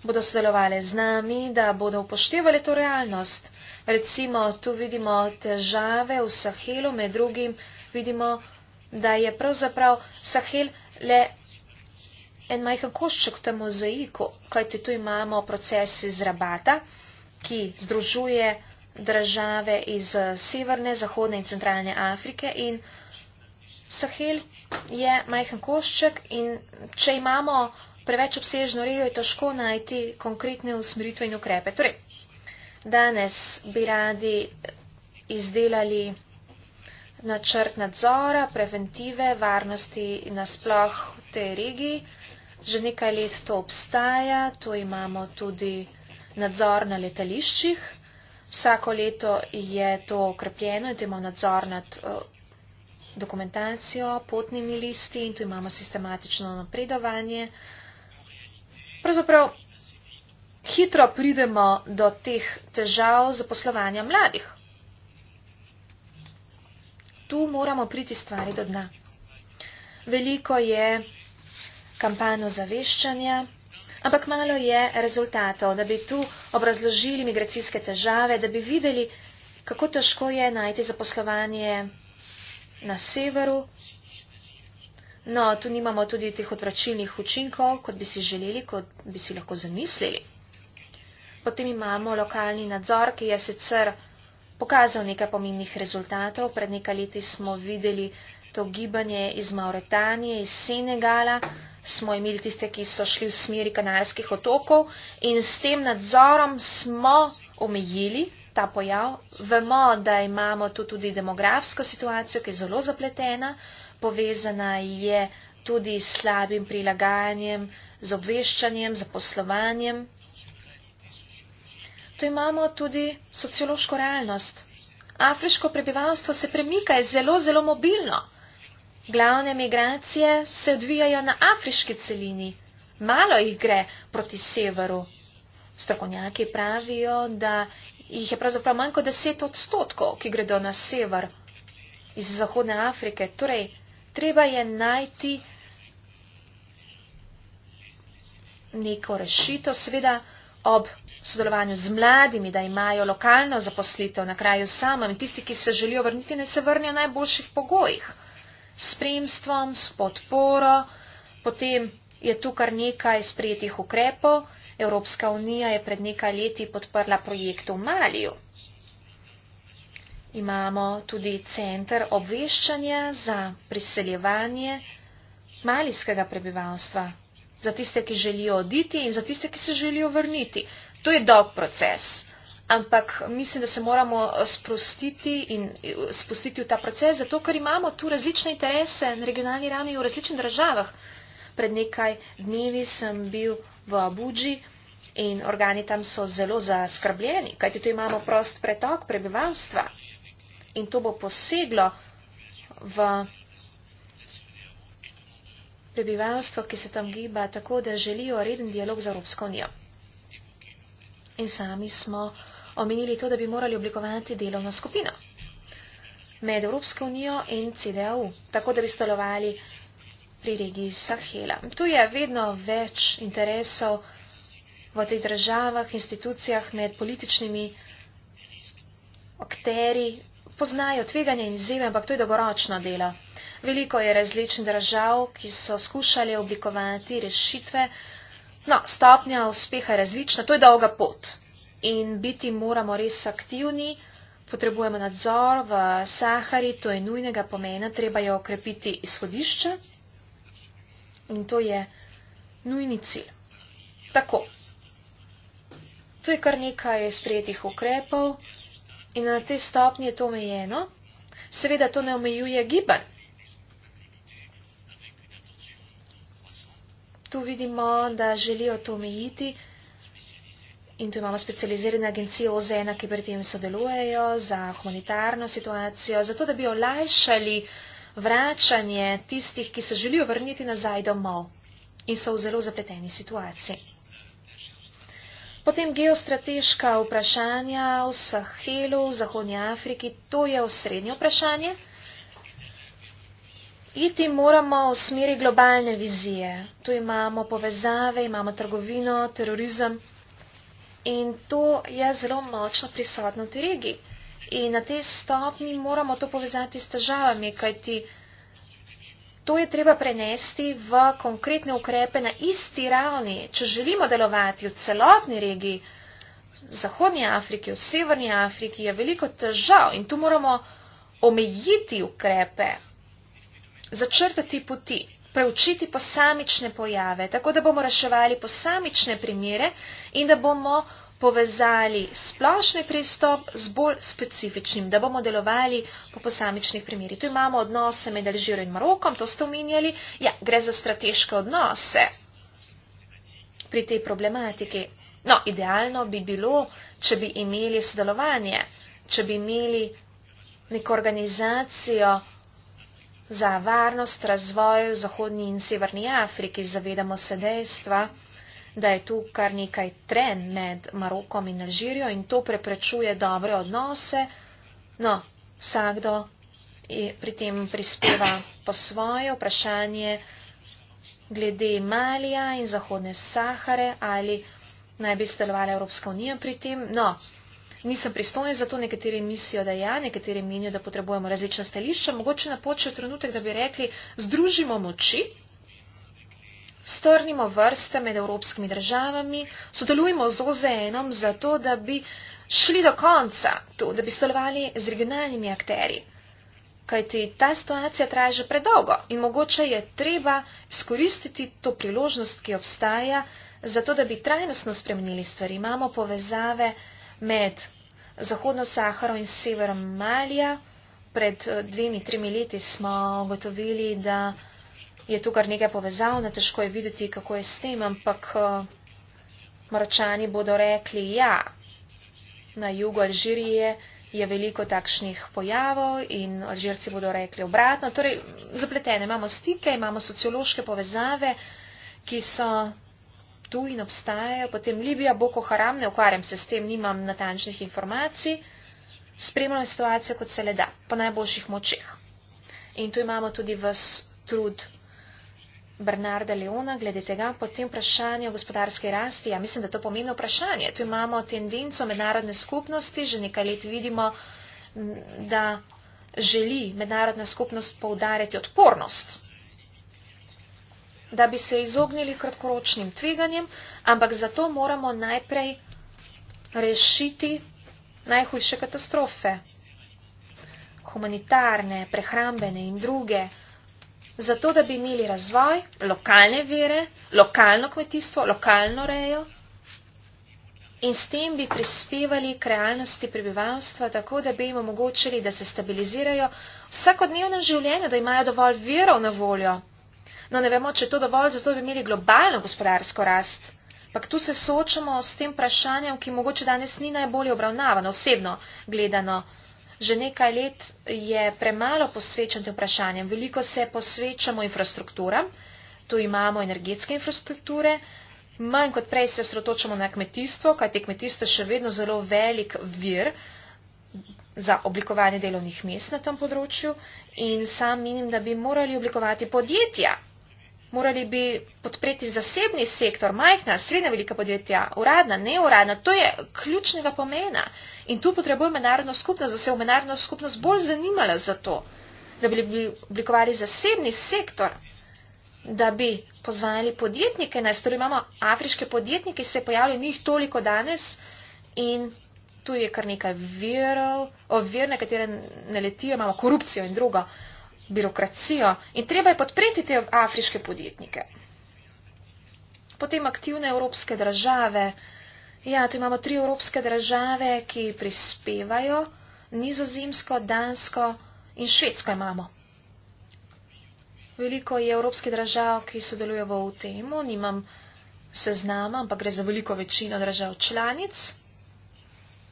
bodo sodelovali z nami, da bodo upoštevali to realnost. Recimo tu vidimo težave v Sahelu, med drugim vidimo, da je pravzaprav Sahel le en majhen košček v tem mozaiku, kajti tu imamo proces iz rabata, ki združuje države iz severne, zahodne in centralne Afrike in Sahel je majhen košček in če imamo preveč obsežno regijo, je težko najti konkretne usmeritve in ukrepe. Torej, Danes bi radi izdelali načrt nadzora, preventive, varnosti nasploh v tej regiji. Že nekaj let to obstaja, to imamo tudi nadzor na letališčih. Vsako leto je to okrepljeno, imamo nadzor nad eh, dokumentacijo, potnimi listi in tu imamo sistematično napredovanje. Pravzaprav hitro pridemo do teh težav zaposlovanja mladih. Tu moramo priti stvari do dna. Veliko je kampanj ozaveščanja, ampak malo je rezultatov, da bi tu obrazložili migracijske težave, da bi videli, kako težko je najti zaposlovanje na severu. No, tu nimamo tudi teh odvračilnih učinkov, kot bi si želeli, kot bi si lahko zamislili. Potem imamo lokalni nadzor, ki je sicer pokazal nekaj pomembnih rezultatov. Pred nekaj leti smo videli to gibanje iz Mauretanije, iz Senegala, smo imeli tiste, ki so šli v smeri kanalskih otokov in s tem nadzorom smo omejili ta pojav. Vemo, da imamo tu tudi demografsko situacijo, ki je zelo zapletena, povezana je tudi s slabim prilagajanjem, z obveščanjem, zaposlovanjem tu imamo tudi sociološko realnost. Afriško prebivalstvo se premika, je zelo, zelo mobilno. Glavne migracije se odvijajo na afriški celini, malo jih gre proti severu. Strokovnjaki pravijo, da jih je pravzaprav manj kot deset odstotkov, ki gredo na sever iz Zahodne Afrike. Torej, treba je najti neko rešitev, seveda ob sodelovanju z mladimi, da imajo lokalno zaposlitev na kraju samem in tisti, ki se želijo vrniti, ne se vrnijo v najboljših pogojih. S spremstvom, s podporo, potem je tu kar nekaj sprejetih ukrepov. Evropska unija je pred nekaj leti podprla projekt v Maliju. Imamo tudi centr obveščanja za priseljevanje malijskega prebivalstva, za tiste, ki želijo oditi in za tiste, ki se želijo vrniti. To je dolg proces, ampak mislim, da se moramo eh, sprostiti in eh, spustiti v ta proces, zato ker imamo tu različne interese na regionalni ravni v različnih državah. Pred nekaj dnevi sem bil v Abuđi in organi tam so zelo zaskrbljeni, kajti tu imamo prost pretok prebivalstva in to bo poseglo v prebivalstvo, ki se tam giba tako, da želijo reden dialog z Evropsko unijo. In sami smo omenili to, da bi morali oblikovati delovno skupino med Evropsko unijo in CDAU, tako da bi stolovali pri regiji Sahela. Tu je vedno več interesov v teh državah, institucijah, med političnimi akteri, poznajo tveganje in izzive, ampak to je dolgoročno delo. Veliko je različnih držav, ki so skušali oblikovati rešitve, No, stopnja uspeha je različna, to je dolga pot. In biti moramo res aktivni, potrebujemo nadzor v Sahari, to je nujnega pomena, treba je okrepiti izhodišče in to je nujni cilj. Tako, to je kar nekaj sprejetih ukrepov in na te stopnje je to omejeno. Seveda to ne omejuje gibanj. tu vidimo, da želijo to omejiti. In tu imamo specializirane agencije OZN, ki pri tem sodelujejo za humanitarno situacijo, zato da bi olajšali vračanje tistih, ki se želijo vrniti nazaj domov in so v zelo zapleteni situaciji. Potem geostrateška vprašanja v Sahelu, v Zahodnji Afriki, to je osrednje vprašanje. Iti moramo v smeri globalne vizije. Tu imamo povezave, imamo trgovino, terorizem in to je zelo močno prisotno v tej regiji. In na tej stopni moramo to povezati s težavami, kajti to je treba prenesti v konkretne ukrepe na isti ravni. Če želimo delovati v celotni regiji, v Zahodnji Afriki, v Severni Afriki, je veliko težav in tu moramo omejiti ukrepe začrtati poti, preučiti posamične pojave, tako da bomo reševali posamične primere in da bomo povezali splošni pristop z bolj specifičnim, da bomo delovali po posamičnih primerih. Tu imamo odnose med Alžirom in Marokom, to ste omenjali. Ja, gre za strateške odnose pri tej problematiki. No, idealno bi bilo, če bi imeli sodelovanje, če bi imeli neko organizacijo za varnost, razvoj v Zahodni in Severni Afriki. Zavedamo se dejstva, da je tu kar nekaj tren med Marokom in Alžirijo in to preprečuje dobre odnose. No, vsakdo pri tem prispeva po svoje vprašanje glede Malija in Zahodne Sahare ali naj bi sodelovala Evropska unija pri tem. No, nisem pristojen, zato nekateri mislijo, da ja, nekateri menijo, da potrebujemo različna stališča. Mogoče napočijo trenutek, da bi rekli, združimo moči, strnimo vrste med evropskimi državami, sodelujmo z OZN-om, zato da bi šli do konca, to, da bi stolovali z regionalnimi akteri. Kajti ta situacija traja že predolgo in mogoče je treba skoristiti to priložnost, ki obstaja, zato da bi trajnostno spremenili stvari. Imamo povezave, med Zahodno Saharo in severom Malija. Pred eh, dvemi, tremi leti smo ugotovili, da je tu kar nekaj povezav, ne težko je videti, kako je s tem, ampak eh, Maročani bodo rekli, ja, na jugu Alžirije je veliko takšnih pojavov in Alžirci bodo rekli obratno. Torej, zapletene imamo stike, imamo sociološke povezave, ki so Ptuj in obstajajo, potem Libija, Boko Haram, ne ukvarjam se s tem, nimam natančnih informacij, spremljajo situacijo, kot se le da, po najboljših močeh. In tu imamo tudi vas trud Bernarda Leona, glede tega, potem vprašanje o gospodarske rasti, ja mislim, da to pomeni vprašanje. Tu imamo tendenco mednarodne skupnosti, že nekaj let vidimo, da želi mednarodna skupnost poudarjati odpornost da bi se izognili kratkoročnim tveganjem, ampak zato moramo najprej rešiti najhujše katastrofe, humanitarne, prehrambene in druge, zato da bi imeli razvoj, lokalne vere, lokalno kmetijstvo, lokalno rejo in s tem bi prispevali k realnosti prebivalstva, tako da bi jim omogočili, da se stabilizirajo v vsakodnevnem življenju, da imajo dovolj virov na voljo. No, ne vemo, če je to dovolj, zato bi imeli globalno gospodarsko rast. Pak tu se soočamo s tem vprašanjem, ki mogoče danes ni najbolje obravnavano, osebno gledano. Že nekaj let je premalo posvečen tem vprašanjem. Veliko se posvečamo infrastrukturam, tu imamo energetske infrastrukture, manj kot prej se osredotočamo na kmetijstvo, kajte kmetijstvo je še vedno zelo velik vir za oblikovanje delovnih mest na tem področju in sam menim, da bi morali oblikovati podjetja. Morali bi podpreti zasebni sektor, majhna, srednja velika podjetja, uradna, neuradna. To je ključnega pomena. In tu potrebujemo mednarodno skupnost, da se je mednarodna skupnost bolj zanimala za to, da bi oblikovali zasebni sektor, da bi pozvali podjetnike. Najstorej imamo afriške podjetnike, se pojavljajo njih toliko danes in tu je kar nekaj verov, ovir, na katere ne letijo, imamo korupcijo in drugo, birokracijo in treba je podpreti te afriške podjetnike. Potem aktivne evropske države. Ja, tu imamo tri evropske države, ki prispevajo, nizozemsko, dansko in švedsko imamo. Veliko je evropskih držav, ki sodelujejo v UTM-u, nimam seznama, ampak gre za veliko večino držav članic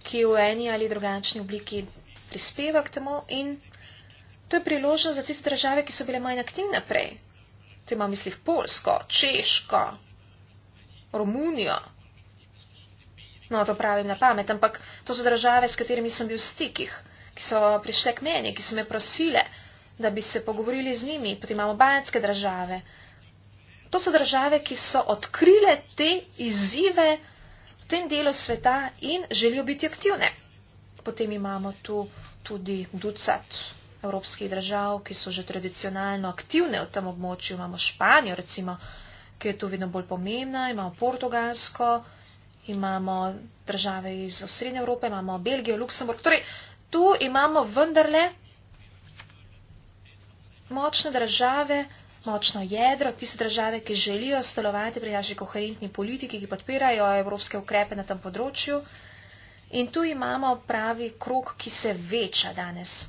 ki v eni ali drugačni obliki prispeva k temu in to je priložnost za tiste države, ki so bile manj aktivne prej. To ima mislih Polsko, Češko, Romunijo. No, to pravim na pamet, ampak to so države, s katerimi sem bil v stikih, ki so prišle k meni, ki so me prosile, da bi se pogovorili z njimi. Potem imamo bajanske države. To so države, ki so odkrile te izzive, tem delu sveta in želijo biti aktivne. Potem imamo tu tudi ducat evropskih držav, ki so že tradicionalno aktivne v tem območju. Imamo Španijo, recimo, ki je tu vedno bolj pomembna, imamo Portugalsko, imamo države iz Srednje Evrope, imamo Belgijo, Luksemburg. Torej, tu imamo vendarle močne države, močno jedro, tiste države, ki želijo stolovati pri naši koherentni politiki, ki podpirajo evropske ukrepe na tem področju. In tu imamo pravi krok, ki se veča danes,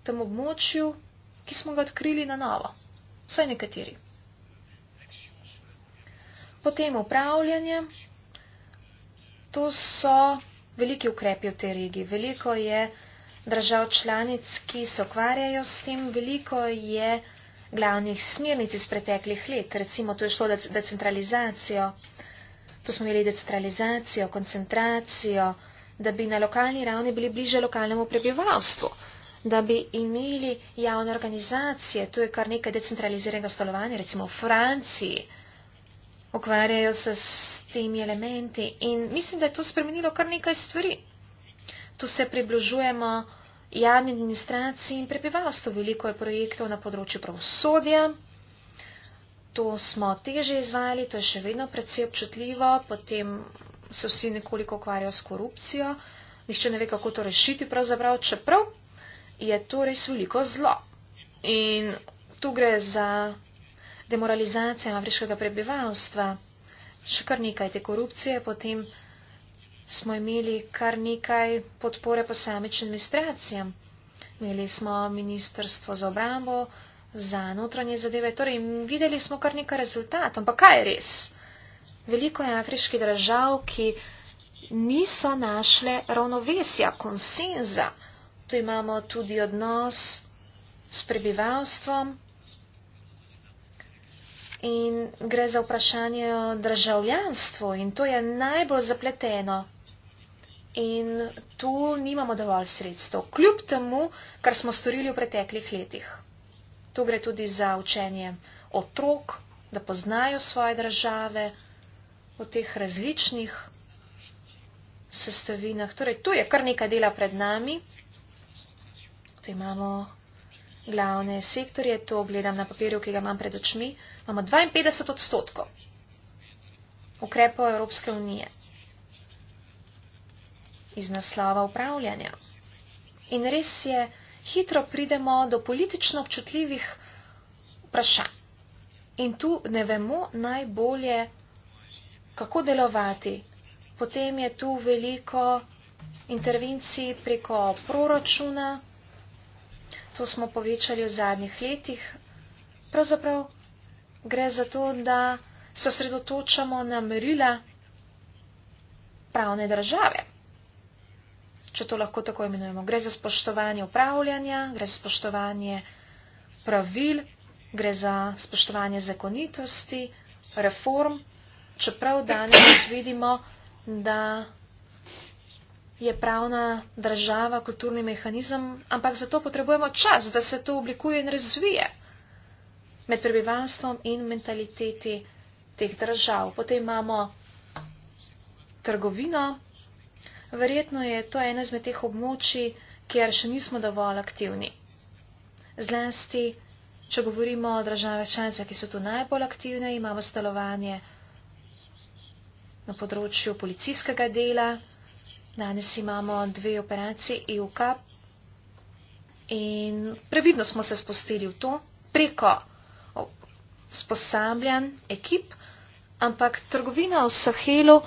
v tem območju, ki smo ga odkrili na novo, vsaj nekateri. Potem upravljanje. To so veliki ukrepi v tej regiji. Veliko je držav članic, ki se okvarjajo s tem, veliko je glavnih smernic iz preteklih let. Recimo, tu je šlo decentralizacijo, tu smo imeli decentralizacijo, koncentracijo, da bi na lokalni ravni bili bliže lokalnemu prebivalstvu, da bi imeli javne organizacije, tu je kar nekaj decentraliziranega stolovanja, recimo v Franciji, ukvarjajo se s temi elementi in mislim, da je to spremenilo kar nekaj stvari. Tu se približujemo javni administraciji in prebivalstvu. Veliko je projektov na področju pravosodja. To smo teže izvajali, to je še vedno predvsej občutljivo, potem se vsi nekoliko ukvarjajo s korupcijo, nihče ne ve, kako to rešiti pravzaprav, čeprav je to res veliko zlo. In tu gre za demoralizacijo afriškega prebivalstva, še kar nekaj te korupcije, potem smo imeli kar nekaj podpore posamečnim ministracijam. Imeli smo ministrstvo za obrambo, za notranje zadeve, torej videli smo kar nekaj rezultatov. Ampak kaj je res? Veliko je afriških držav, ki niso našle ravnovesja, konsenza. Tu imamo tudi odnos s prebivalstvom in gre za vprašanje o državljanstvu in to je najbolj zapleteno in tu nimamo dovolj sredstev, kljub temu, kar smo storili v preteklih letih. Tu gre tudi za učenje otrok, da poznajo svoje države v teh različnih sestavinah. Torej, tu je kar nekaj dela pred nami. Tu imamo glavne sektorje, to gledam na papirju, ki ga imam pred očmi. Imamo 52 odstotkov ukrepov Evropske unije iz naslova upravljanja. In res je, hitro pridemo do politično občutljivih vprašanj. In tu ne vemo najbolje, kako delovati. Potem je tu veliko intervencij preko proračuna. To smo povečali v zadnjih letih. Pravzaprav gre za to, da se osredotočamo na merila pravne države če to lahko tako imenujemo. Gre za spoštovanje upravljanja, gre za spoštovanje pravil, gre za spoštovanje zakonitosti, reform, čeprav danes vidimo, da je pravna država kulturni mehanizem, ampak zato potrebujemo čas, da se to oblikuje in razvije med prebivalstvom in mentaliteti teh držav. Potem imamo trgovino, Verjetno je to ena izmed teh območij, kjer še nismo dovolj aktivni. Zlasti, če govorimo o državah članicah, ki so tu najbolj aktivne, imamo stalovanje na področju policijskega dela. Danes imamo dve operacije EUK in previdno smo se spustili v to preko sposabljan ekip, ampak trgovina v Sahelu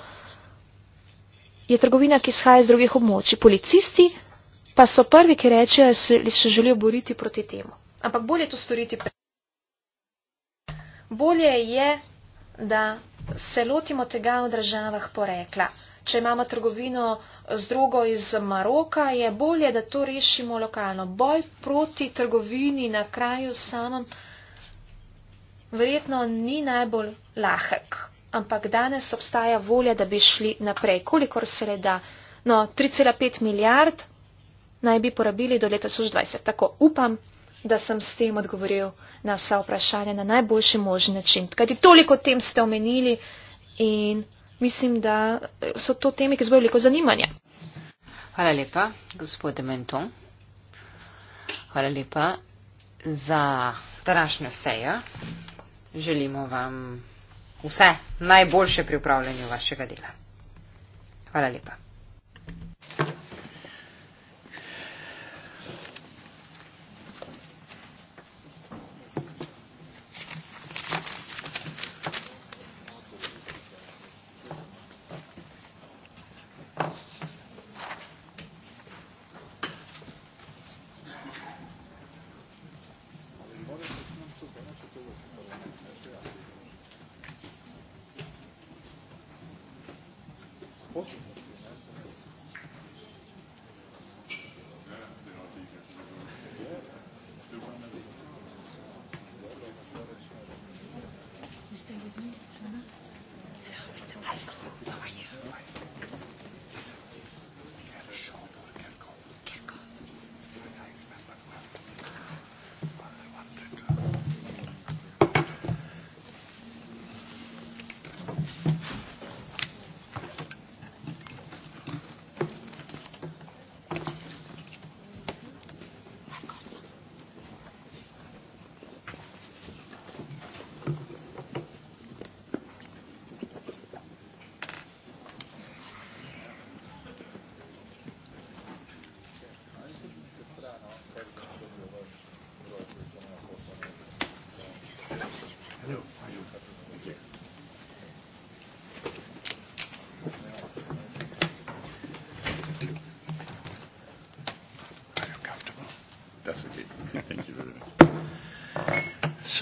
je trgovina, ki izhaja iz drugih območij. Policisti pa so prvi, ki rečejo, da se, se želijo boriti proti temu. Ampak bolje to storiti prej. Bolje je, da se lotimo tega v državah porekla. Če imamo trgovino z drogo iz Maroka, je bolje, da to rešimo lokalno. Boj proti trgovini na kraju samem verjetno ni najbolj lahek ampak danes obstaja volja, da bi šli naprej, kolikor se le da. No, 3,5 milijard naj bi porabili do leta 2020. Tako upam, da sem s tem odgovoril na vsa vprašanja na najboljši možen način. Kajti toliko tem ste omenili in mislim, da so to teme, ki zbojo veliko zanimanja. Hvala lepa, gospod Menton. Hvala lepa za današnjo sejo. Želimo vam vse najboljše pri upravljanju vašega dela. Hvala lepa.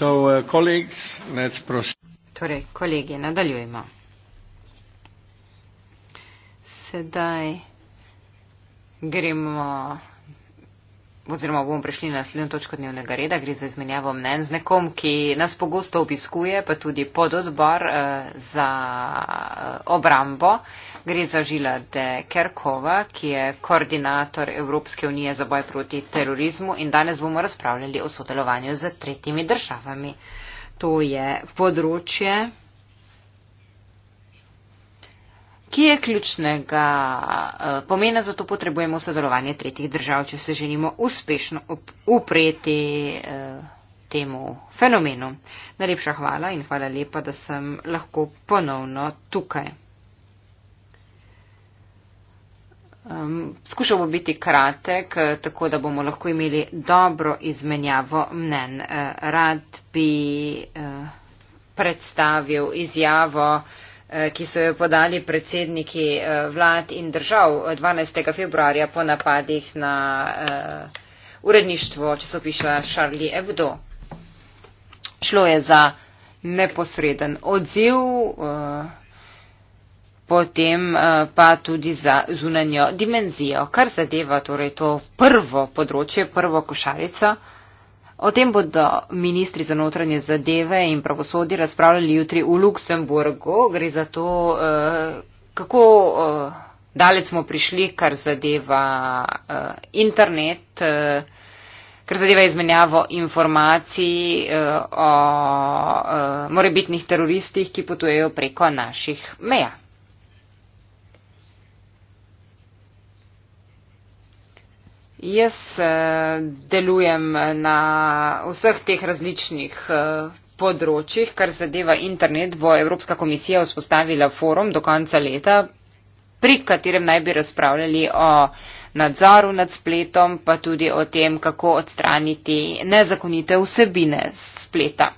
So, uh, colleagues, let's torej, kolegi, nadaljujemo. Sedaj gremo oziroma bomo prišli na naslednjo točko dnevnega reda, gre za izmenjavo mnen z nekom, ki nas pogosto obiskuje, pa tudi pododbor uh, za uh, obrambo. Uh, Gre za Žilade Kerkova, ki je koordinator Evropske unije za boj proti terorizmu in danes bomo razpravljali o sodelovanju z tretjimi državami. To je področje, ki je ključnega eh, pomena, zato potrebujemo sodelovanje tretjih držav, če se želimo uspešno upreti eh, temu fenomenu. Najlepša hvala in hvala lepa, da sem lahko ponovno tukaj. Um, skušal bo biti kratek, eh, tako da bomo lahko imeli dobro izmenjavo mnen. Uh, rad bi uh, predstavil izjavo, uh, ki so jo podali predsedniki uh, vlad in držav 12. februarja po napadih na uh, uredništvo časopisa Charlie Hebdo. Šlo je za neposreden odziv. Uh, potem eh, pa tudi za zunanjo dimenzijo. Kar zadeva torej to prvo področje, prvo košarico, o tem bodo ministri za notranje zadeve in pravosodje razpravljali jutri v Luksemburgu. Gre za to, eh, kako eh, daleč smo prišli, kar zadeva internet, kar zadeva izmenjavo informacij o morebitnih teroristih, ki potujejo preko naših meja. Jaz eh, delujem na vseh teh različnih eh, področjih, kar zadeva internet, bo Evropska komisija vzpostavila forum do konca leta, pri katerem naj bi razpravljali o nadzoru nad spletom, pa tudi o tem, kako odstraniti nezakonite vsebine spleta.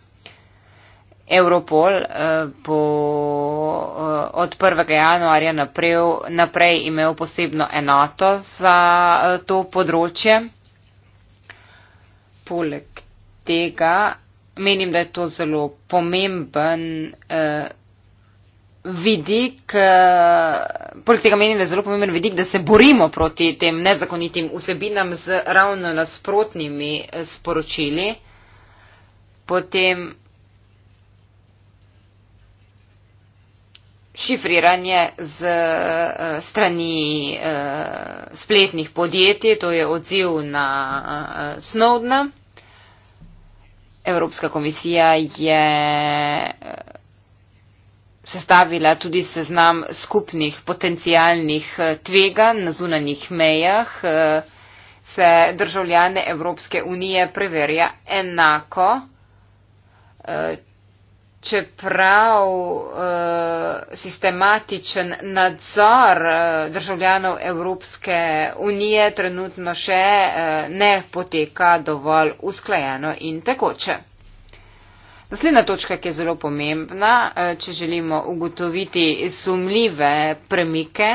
Europol uh, bo uh, od 1. januarja naprej, naprej imel posebno enoto za uh, to področje. Poleg tega menim, da je to zelo pomemben uh, vidik, uh, poleg tega menim, da je zelo pomemben vidik, da se borimo proti tem nezakonitim vsebinam z ravno nasprotnimi sporočili. Potem šifriranje z eh, strani eh, spletnih podjetij, to je odziv na eh, Snowdna. Evropska komisija je sestavila tudi seznam skupnih potencijalnih tvega na zunanjih mejah, se državljane Evropske unije preverja enako čeprav uh, sistematičen nadzor uh, državljanov Evropske unije trenutno še uh, ne poteka dovolj usklajeno in tekoče. Naslednja točka, ki je zelo pomembna, uh, če želimo ugotoviti sumljive premike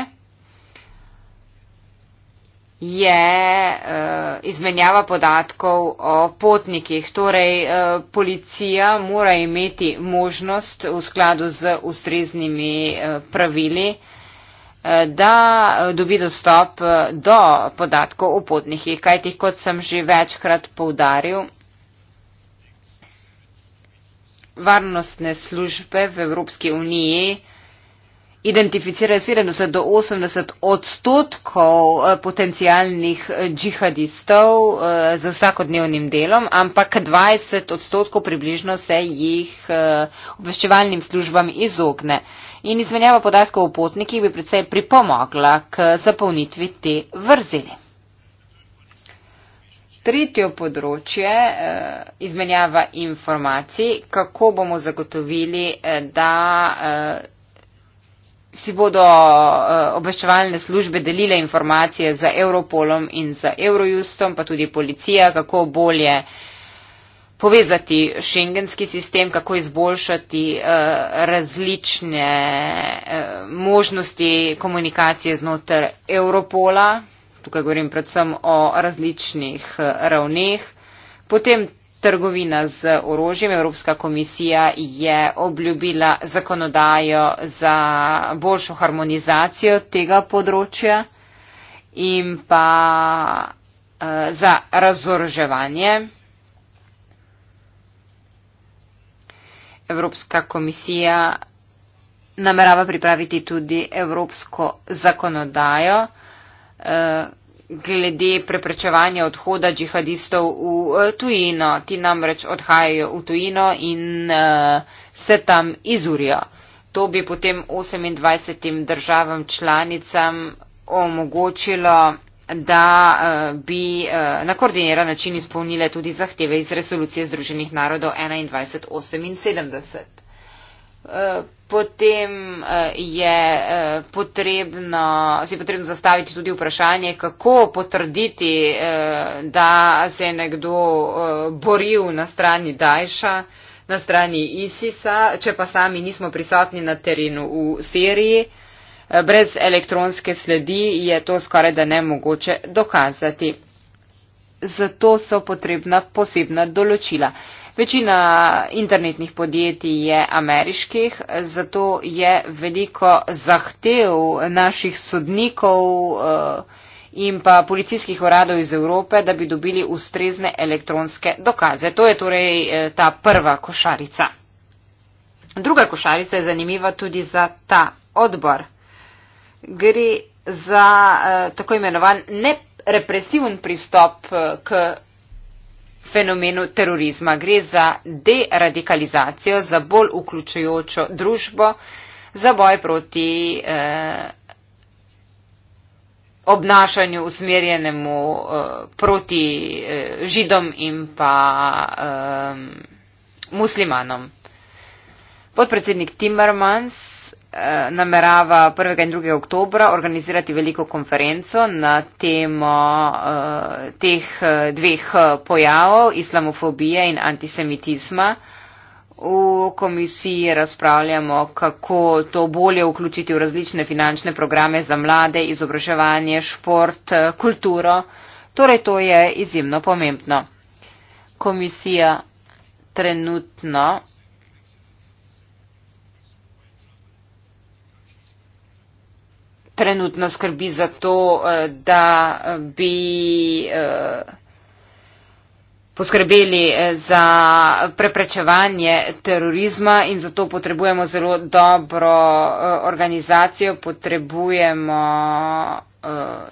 je eh, izmenjava podatkov o potnikih. Torej, eh, policija mora imeti možnost v skladu z ustreznimi eh, pravili, da dobi dostop do podatkov o potnikih, kajti kot sem že večkrat poudaril, varnostne službe v Evropski uniji identificirajo 70 do 80 odstotkov eh, potencijalnih eh, džihadistov eh, z vsakodnevnim delom, ampak 20 odstotkov približno se jih obveščevalnim službam izogne. In izmenjava podatkov o potnikih bi predvsej pripomogla k zapolnitvi te vrzeli. Tretjo področje izmenjava informacij, kako bomo zagotovili, da si bodo eh, obveščevalne službe delile informacije z Europolom in z Eurojustom, pa tudi policija, kako bolje povezati šengenski sistem, kako izboljšati eh, različne eh, možnosti komunikacije znotraj Europola. Tukaj govorim predvsem o različnih ravneh. Potem trgovina z orožjem. Evropska komisija je obljubila zakonodajo za boljšo harmonizacijo tega področja in pa eh, za razorževanje. Evropska komisija namerava pripraviti tudi evropsko zakonodajo, eh, glede preprečevanja odhoda džihadistov v eh, tujino. Ti namreč odhajajo v tujino in uh, se tam izurijo. To bi potem 28 državam članicam omogočilo, da uh, bi uh, na koordiniran način izpolnile tudi zahteve iz resolucije Združenih narodov 2178. Eh, potem eh, je eh, potrebno, si je potrebno zastaviti tudi vprašanje, kako potrditi, da se je nekdo boril na strani Dajša, na strani ISISA, če pa sami nismo prisotni na terenu v Siriji. Brez elektronske sledi je to skoraj da nemogoče dokazati. Zato so potrebna posebna določila. Večina internetnih podjetij je ameriških, zato je veliko zahtev naših sodnikov eh, in pa policijskih uradov iz Evrope, da bi dobili ustrezne elektronske dokaze. To je torej eh, ta prva košarica. Druga košarica je zanimiva tudi za ta odbor. Gre za eh, tako imenovan nepresivn pristop k fenomenu terorizma. Gre za deradikalizacijo, za bolj vključujočo družbo, za boj proti eh, obnašanju usmerjenemu eh, proti eh, židom in pa eh, muslimanom. Podpredsednik Timmermans Eh, namerava 1. in 2. oktobra organizirati veliko konferenco na temo uh, teh eh, dveh pojavov, islamofobije in antisemitizma. V komisiji razpravljamo, kako to bolje vključiti v različne finančne programe za mlade, izobraževanje, šport, kulturo. Torej, to je izjemno pomembno. Komisija trenutno trenutno skrbi za to, eh, da eh, bi eh, poskrbeli za preprečevanje terorizma in zato potrebujemo zelo dobro organizacijo, potrebujemo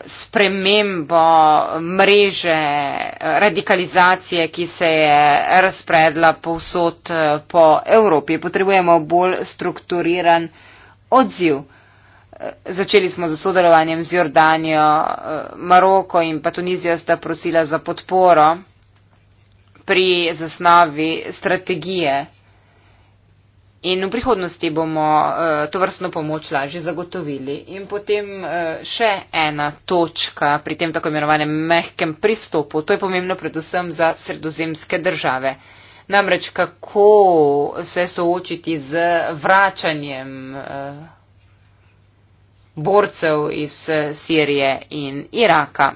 spremembo mreže radikalizacije, ki se je razpredla povsod po Evropi. Potrebujemo bolj strukturiran odziv. Začeli smo z sodelovanjem z Jordanijo, eh, Maroko in pa Tunizija sta prosila za podporo pri zasnavi strategije. In v prihodnosti bomo eh, to vrstno pomoč lažje zagotovili. In potem eh, še ena točka pri tem tako imenovanem mehkem pristopu. To je pomembno predvsem za sredozemske države. Namreč kako se soočiti z vračanjem borcev iz eh, Sirije in Iraka.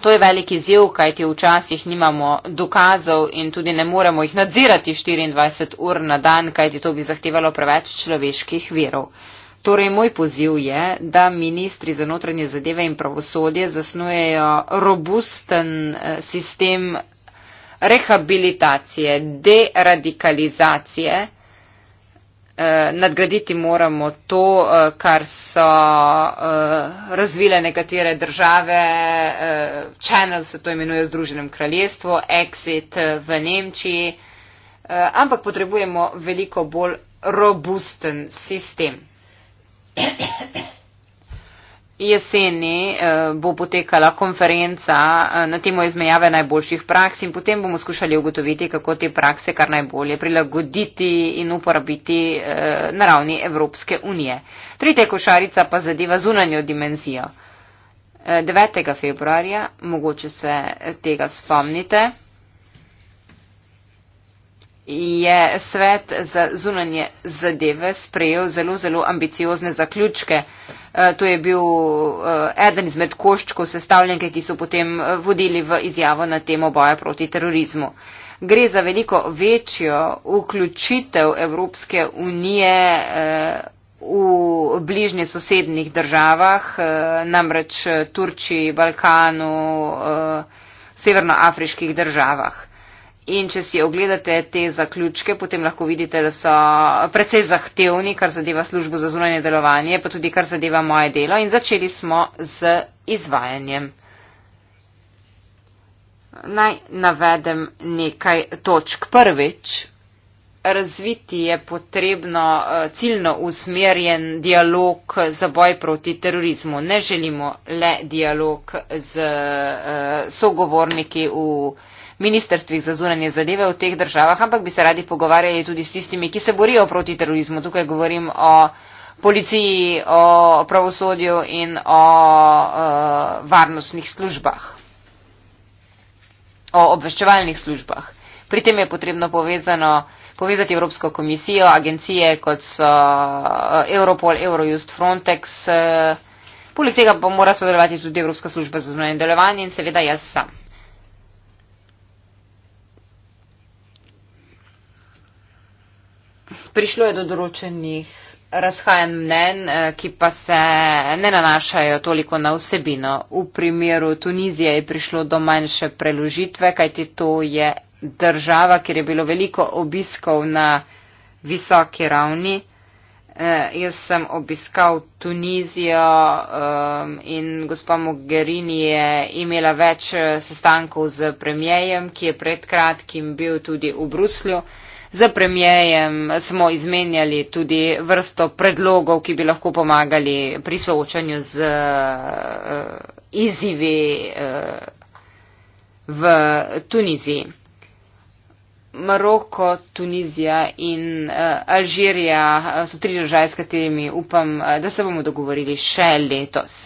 To je velik izjiv, kajti včasih nimamo dokazov in tudi ne moremo jih nadzirati 24 ur na dan, kajti to bi zahtevalo preveč človeških virov. Torej, moj poziv je, da ministri za notranje zadeve in pravosodje zasnujejo robusten eh, sistem rehabilitacije, deradikalizacije, Eh, nadgraditi moramo to, eh, kar so eh, razvile nekatere države, Channel se to imenuje v Združenem kraljestvu, Exit v Nemčiji, ampak potrebujemo veliko bolj robusten sistem. Jeseni eh, bo potekala konferenca eh, na temo izmejave najboljših praks in potem bomo skušali ugotoviti, kako te prakse kar najbolje prilagoditi in uporabiti eh, na ravni Evropske unije. Tretja košarica pa zadeva zunanjo dimenzijo. 9. februarja, mogoče se tega spomnite, je svet za zunanje zadeve sprejel zelo, zelo ambiciozne zaključke. Eh, to je bil eh, eden izmed koščkov sestavljenke, ki so potem eh, vodili v izjavo na temo boja proti terorizmu. Gre za veliko večjo vključitev Evropske unije v bližnje sosednjih državah, namreč Turčiji, Balkanu, severnoafriških državah. In če si ogledate te zaključke, potem lahko vidite, da so precej zahtevni, kar zadeva službo za zunanje delovanje, pa tudi kar zadeva moje delo. In začeli smo z izvajanjem. Naj navedem nekaj točk. Prvič, razviti je potrebno eh, ciljno usmerjen dialog za boj proti terorizmu. Ne želimo le dialog z eh, sogovorniki v ministerstvih za zunanje zadeve v teh državah, ampak bi se radi pogovarjali tudi s tistimi, ki se borijo proti terorizmu. Tukaj govorim o policiji, o pravosodju in o uh, varnostnih službah, o obveščevalnih službah. Pri tem je potrebno povezano, povezati Evropsko komisijo, agencije kot so e, Europol, Eurojust, Frontex. E, poleg tega pa mora sodelovati tudi Evropska služba za zunanje delovanje in seveda jaz sam. prišlo je do določenih razhajanj mnen, eh, ki pa se ne nanašajo toliko na vsebino. V primeru Tunizije je prišlo do manjše preložitve, kajti to je država, kjer je bilo veliko obiskov na visoki ravni. Eh, jaz sem obiskal Tunizijo eh, in gospa Mogherini je imela več eh, sestankov z premijejem, ki je pred kratkim bil tudi v Bruslju. Eh, Z premijejem smo izmenjali tudi vrsto predlogov, ki bi lahko pomagali pri soočanju z uh, izzivi uh, v Tuniziji. Maroko, Tunizija in uh, Alžirija so tri države, s katerimi upam, da se bomo dogovorili še letos.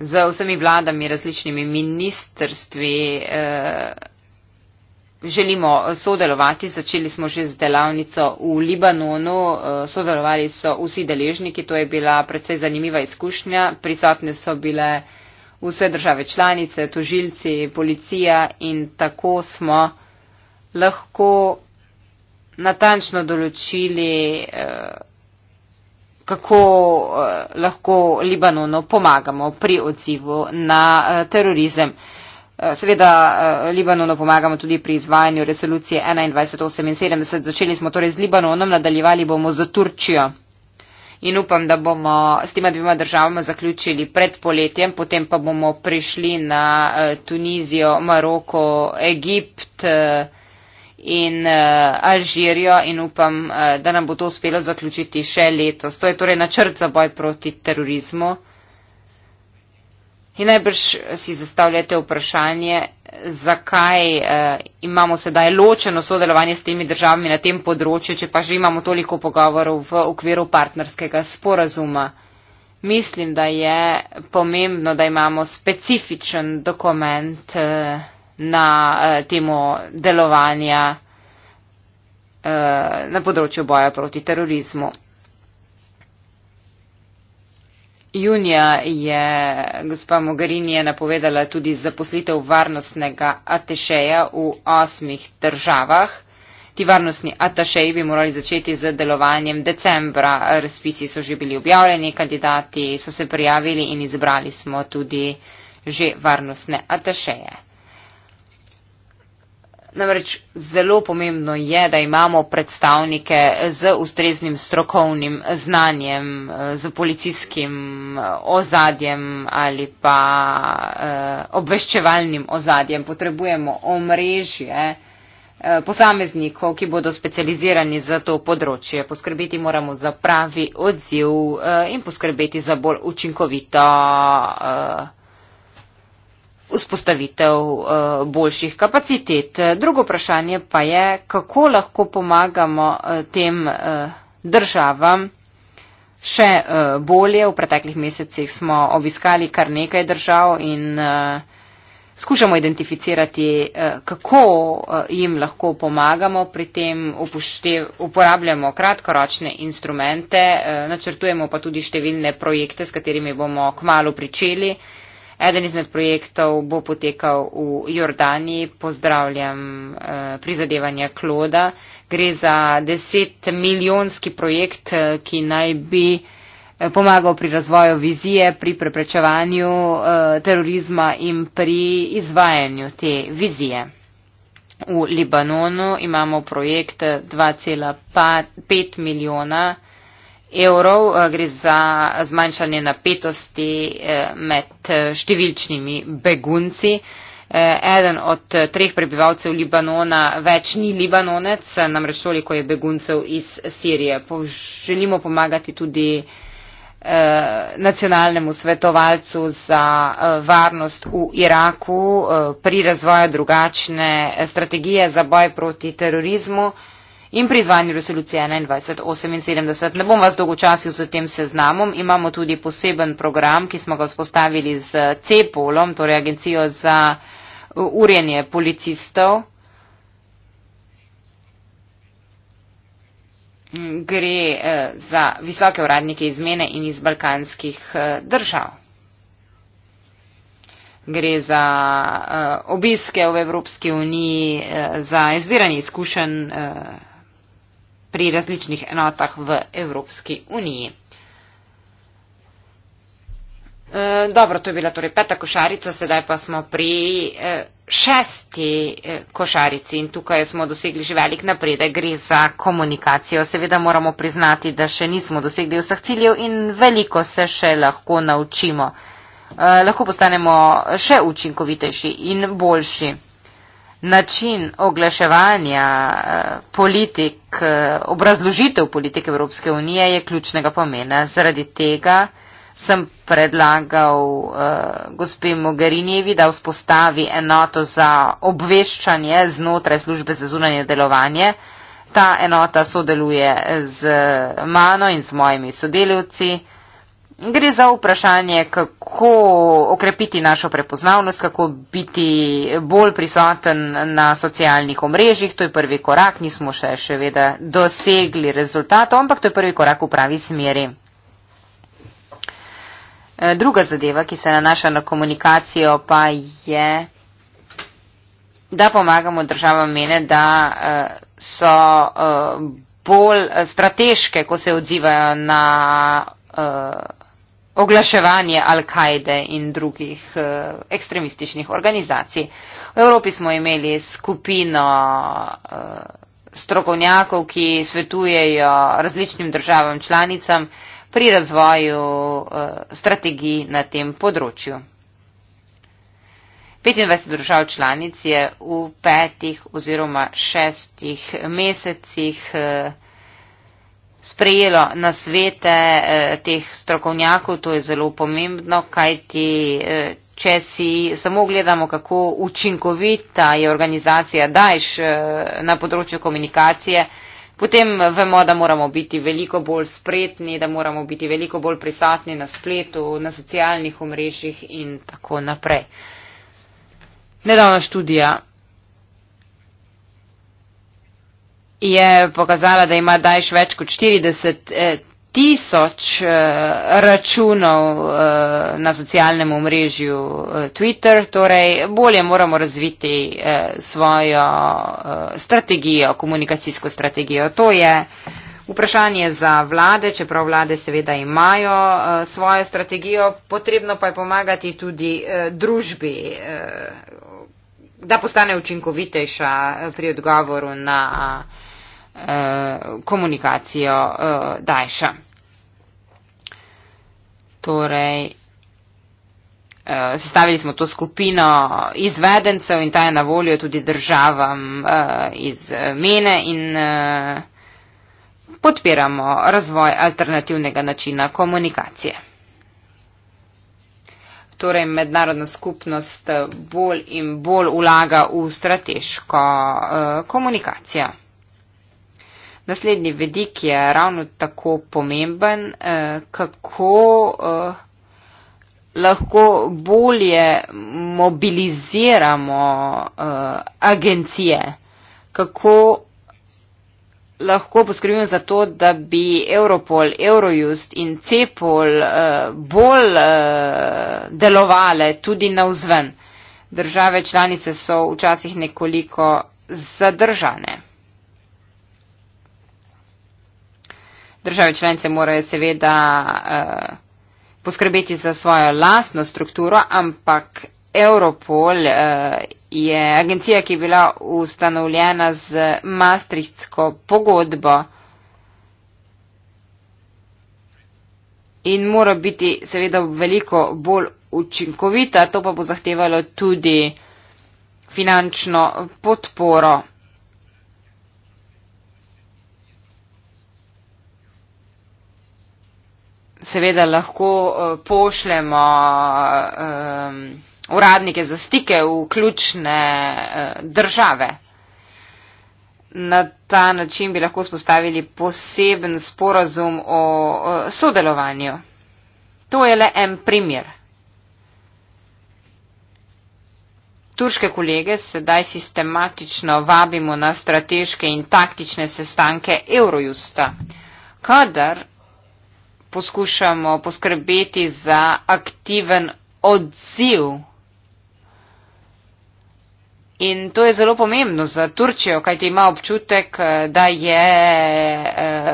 z vsemi vladami, različnimi ministrstvi eh, želimo sodelovati. Začeli smo že z delavnico v Libanonu, eh, sodelovali so vsi deležniki, to je bila predvsej zanimiva izkušnja. Prisotne so bile vse države članice, tožilci, policija in tako smo lahko natančno določili eh, kako eh, lahko Libanonu pomagamo pri odzivu na eh, terorizem. Eh, seveda Libanonu pomagamo tudi pri izvajanju resolucije 2178. Začeli smo torej z Libanonom, nadaljevali bomo z Turčijo. In upam, da bomo s tema dvema državama zaključili pred poletjem, potem pa bomo prišli na Tunizijo, Maroko, Egipt in uh, Alžirijo in upam, uh, da nam bo to uspelo zaključiti še letos. To je torej načrt za boj proti terorizmu. In najbrž si zastavljate vprašanje, zakaj uh, imamo sedaj ločeno sodelovanje s temi državami na tem področju, če pa že imamo toliko pogovorov v okviru partnerskega sporazuma. Mislim, da je pomembno, da imamo specifičen dokument. Uh, na uh, temo delovanja uh, na področju boja proti terorizmu. Junija je gospa Mogarini je napovedala tudi zaposlitev varnostnega atešeja v osmih državah. Ti varnostni atašeji bi morali začeti z delovanjem decembra. Razpisi so že bili objavljeni, kandidati so se prijavili in izbrali smo tudi že varnostne atašeje. Namreč zelo pomembno je, da imamo predstavnike z ustreznim strokovnim znanjem, z policijskim eh, ozadjem ali pa eh, obveščevalnim ozadjem. Potrebujemo omrežje eh, posameznikov, ki bodo specializirani za to področje. Poskrbeti moramo za pravi odziv in poskrbeti za bolj učinkovito vzpostavitev eh, boljših kapacitet. Drugo vprašanje pa je, kako lahko pomagamo eh, tem eh, državam še bolje. V preteklih mesecih smo obiskali kar nekaj držav in skušamo identificirati, kako jim lahko pomagamo pri tem, upoštev, uporabljamo kratkoročne instrumente, načrtujemo pa tudi številne projekte, s katerimi bomo kmalo pričeli. Eden izmed projektov bo potekal v Jordaniji. Pozdravljam eh, prizadevanje Kloda. Gre za deset milijonski projekt, eh, ki naj bi eh, pomagal pri razvoju vizije, pri preprečevanju terorizma in pri izvajanju te vizije. V Libanonu imamo projekt 2,5 milijona evrov, eh, gre za zmanjšanje napetosti eh, med eh, številčnimi begunci. Eden od treh prebivalcev Libanona več ni Libanonec, namreč toliko je beguncev iz Sirije. Želimo pomagati tudi nacionalnemu svetovalcu za varnost v Iraku pri razvoju drugačne strategije za boj proti terorizmu in pri izvajanju resolucije 2178. Ne bom vas dolgočasil z tem seznamom, imamo tudi poseben program, ki smo ga vzpostavili z CEPOL-om, torej Agencijo za urjenje policistov. Gre eh, za visoke uradnike iz Mene in iz balkanskih eh, držav. Gre za uh, obiske v Evropski uniji, uh, za izbiranje izkušenj uh, pri različnih enotah v Evropski uniji. E, dobro, to je bila torej peta košarica, sedaj pa smo pri e, šesti e, košarici in tukaj smo dosegli že velik napredek, gre za komunikacijo. Seveda moramo priznati, da še nismo dosegli vseh ciljev in veliko se še lahko naučimo. Lahko postanemo še učinkovitejši in boljši način oglaševanja eh, politik, eh, obrazložitev politike Evropske unije je ključnega pomena. Zaradi tega sem predlagal eh, gospe Mogherinjevi, da vzpostavi enoto za obveščanje znotraj službe za zunanje delovanje. Ta enota sodeluje z mano in z mojimi sodelavci. Gre za vprašanje, kako okrepiti našo prepoznavnost, kako biti bolj prisoten na socialnih omrežjih. To je prvi korak, nismo še seveda dosegli rezultatov, ampak to je prvi korak v pravi smeri. E, druga zadeva, ki se nanaša na komunikacijo, pa je, da pomagamo državam mene, da e, so e, bolj strateške, ko se odzivajo na oglaševanje Al-Kaide in drugih uh, ekstremističnih organizacij. V Evropi smo imeli skupino uh, strokovnjakov, ki svetujejo različnim državam članicam pri razvoju uh, strategij na tem področju. 25 držav članic je v petih oziroma šestih mesecih uh, sprejelo na svete eh, teh strokovnjakov, to je zelo pomembno, kajti eh, če si samo gledamo, kako učinkovita je organizacija DAJŠ eh, na področju komunikacije, potem vemo, da moramo biti veliko bolj spretni, da moramo biti veliko bolj prisotni na spletu, na socialnih omrežjih in tako naprej. Nedavna študija je pokazala, da ima Daesh več kot 40 eh, tisoč eh, računov eh, na socialnem omrežju Twitter, torej bolje moramo razviti svojo strategijo, komunikacijsko strategijo. To je vprašanje za vlade, čeprav vlade seveda imajo svojo strategijo, potrebno pa je pomagati tudi družbi, da postane učinkovitejša pri odgovoru na Eh, komunikacijo eh, Daesha. Torej, eh, sestavili smo to skupino izvedencev in ta je na voljo tudi državam iz Mene in podpiramo razvoj alternativnega načina komunikacije. Torej, mednarodna skupnost bolj in bolj ulaga v strateško uh, komunikacijo. Naslednji vedik je ravno tako pomemben, eh, kako eh, lahko bolje mobiliziramo eh, agencije, kako lahko poskrbimo za to, da bi Europol, Eurojust in Cepol bolj delovale tudi na vzven. Države članice so včasih nekoliko zadržane. države članice morajo seveda uh, poskrbeti za svojo lastno strukturo, ampak Europol uh, je agencija, ki je bila ustanovljena z Maastrichtsko pogodbo in mora biti seveda veliko bolj učinkovita, to pa bo zahtevalo tudi finančno podporo. seveda lahko eh, pošljemo um, uradnike za stike v ključne uh, države. Na ta način bi lahko spostavili poseben sporazum o uh, sodelovanju. To je le en primer. Turške kolege sedaj sistematično vabimo na strateške in taktične sestanke Eurojusta, kadar poskušamo poskrbeti za aktiven odziv. In to je zelo pomembno za Turčijo, kajti ima občutek, da je eh,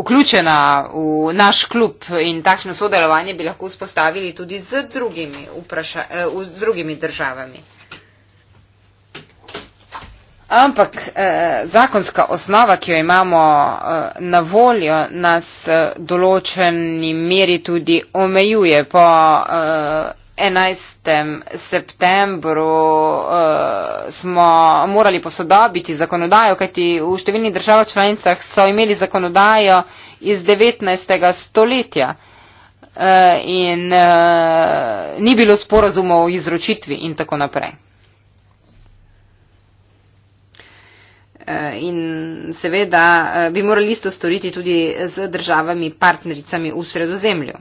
vključena v naš klub in takšno sodelovanje bi lahko spostavili tudi z drugimi, vpraša, eh, z drugimi državami. Ampak eh, zakonska osnova, ki jo imamo eh, na voljo, nas eh, določeni meri tudi omejuje. Po eh, 11. septembru eh, smo morali posodobiti zakonodajo, kajti v številnih državah članicah so imeli zakonodajo iz 19. stoletja eh, in eh, ni bilo sporazumov o izročitvi in tako naprej. Eh, in seveda eh, bi morali isto storiti tudi z državami partnericami v sredozemlju.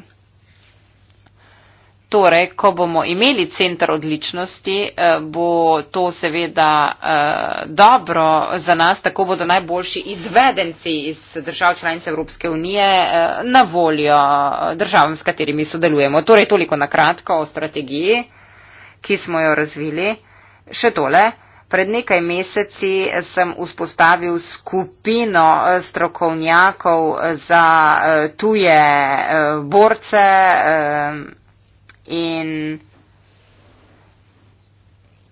Torej, ko bomo imeli centr odličnosti, eh, bo to seveda dobro za nas, tako bodo najboljši izvedenci iz držav članic Evropske unije na voljo državam, s katerimi sodelujemo. Torej, toliko na kratko o strategiji, ki smo jo razvili. Še tole. Pred nekaj meseci sem vzpostavil skupino eh, strokovnjakov eh, za eh, tuje borce in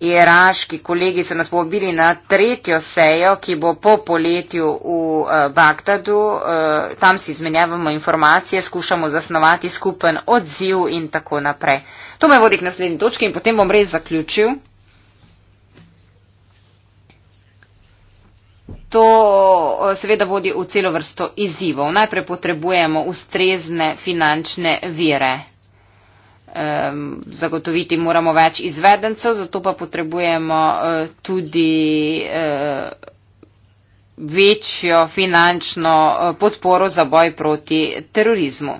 iraški kolegi so nas povabili na tretjo sejo, ki bo po poletju v Bagdadu. Tam si izmenjavamo informacije, skušamo zasnovati skupen odziv in tako naprej. To me vodi k naslednji točki in potem bom res zaključil. To seveda vodi v celo vrsto izzivov. Najprej potrebujemo ustrezne finančne vire. Um, zagotoviti moramo več izvedencev, zato pa potrebujemo uh, tudi uh, večjo finančno uh, podporo za boj proti terorizmu.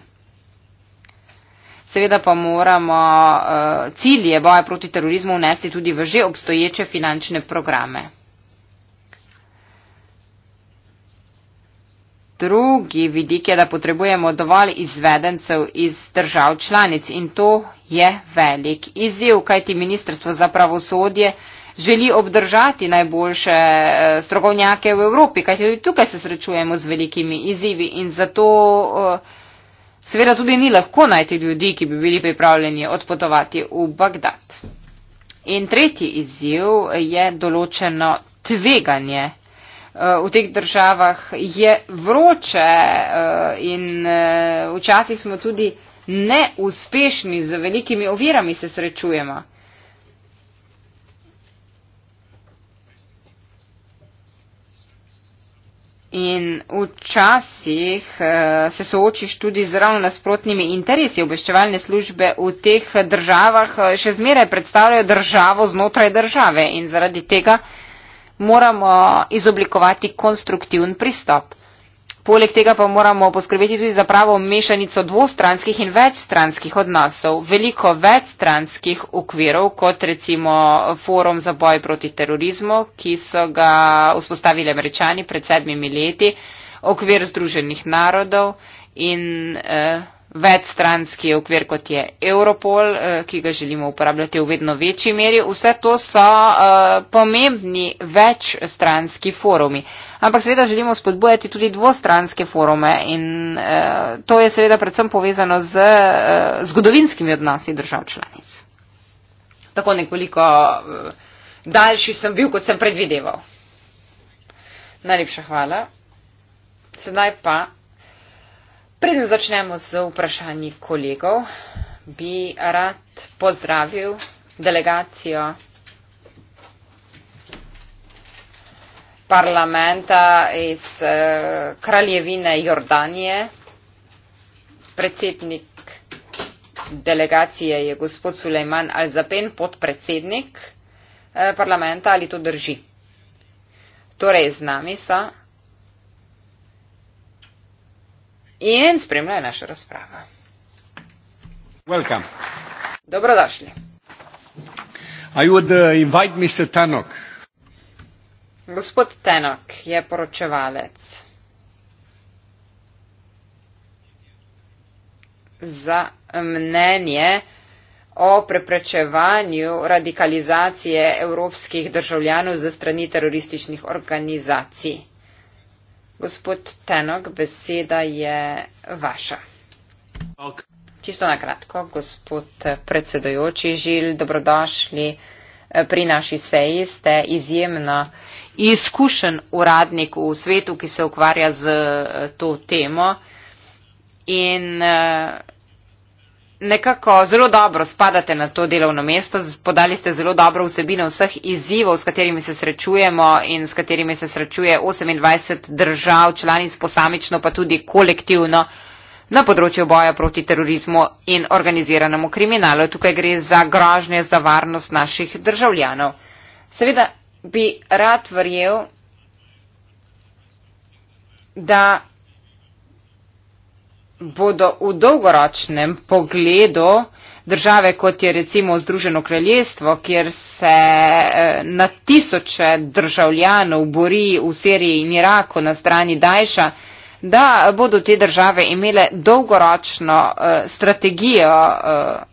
Seveda pa moramo uh, cilje boja proti terorizmu vnesti tudi v že obstoječe finančne programe. drugi vidik je, da potrebujemo dovolj izvedencev iz držav članic in to je velik izziv, kajti Ministrstvo za pravosodje želi obdržati najboljše eh, strokovnjake v Evropi, kajti tudi tukaj se srečujemo z velikimi izzivi in zato eh, seveda tudi ni lahko najti ljudi, ki bi bili pripravljeni odpotovati v Bagdad. In tretji izziv je določeno tveganje Eh, v teh državah je vroče eh, in eh, včasih smo tudi neuspešni, z velikimi ovirami se srečujemo. In včasih se soočiš tudi z ravno nasprotnimi interesi. Obveščevalne službe v teh državah še zmeraj predstavljajo državo znotraj države in zaradi tega moramo izoblikovati konstruktivn pristop. Poleg tega pa moramo poskrbeti tudi za pravo mešanico dvostranskih in večstranskih odnosov, veliko večstranskih ukvirov, kot recimo forum za boj proti terorizmu, ki so ga vzpostavili američani pred sedmimi leti, okvir združenih narodov in. Eh, večstranski okvir, kot je Europol, eh, ki ga želimo uporabljati v vedno večji meri. Vse to so eh, pomembni večstranski forumi. Ampak seveda želimo spodbujati tudi dvostranske forume in eh, to je seveda predvsem povezano z zgodovinskimi odnosi držav članic. Tako nekoliko daljši sem bil, kot sem predvideval. Najlepša hvala. Sedaj pa Preden začnemo z vprašanji kolegov, bi rad pozdravil delegacijo parlamenta iz eh, kraljevine Jordanije. Predsednik delegacije je gospod Sulejman Al-Zapen, podpredsednik eh, parlamenta, ali to drži? Torej, z nami so in spremljaj našo razpravo. Welcome. Dobrodošli. I would uh, invite Mr. Tanok. Gospod Tanok je poročevalec za mnenje o preprečevanju radikalizacije evropskih državljanov ze strani terorističnih organizacij. Gospod Tenok, beseda je vaša. Okay. Čisto na kratko, gospod predsedojoči Žil, dobrodošli eh, pri naši seji. Ste izjemno izkušen uradnik v svetu, ki se ukvarja z eh, to temo. In eh, nekako zelo dobro spadate na to delovno mesto, podali ste zelo dobro vsebino vseh izzivov, s katerimi se srečujemo in s katerimi se srečuje 28 držav, članic posamično, pa tudi kolektivno na področju boja proti terorizmu in organiziranemu kriminalu. Tukaj gre za grožnje za varnost naših državljanov. Seveda bi rad verjel, da bodo v dolgoročnem pogledu države, kot je recimo Združeno kraljestvo, kjer se eh, na tisoče državljanov bori v Siriji in Iraku na strani Dajša, da bodo te države imele dolgoročno eh, strategijo eh,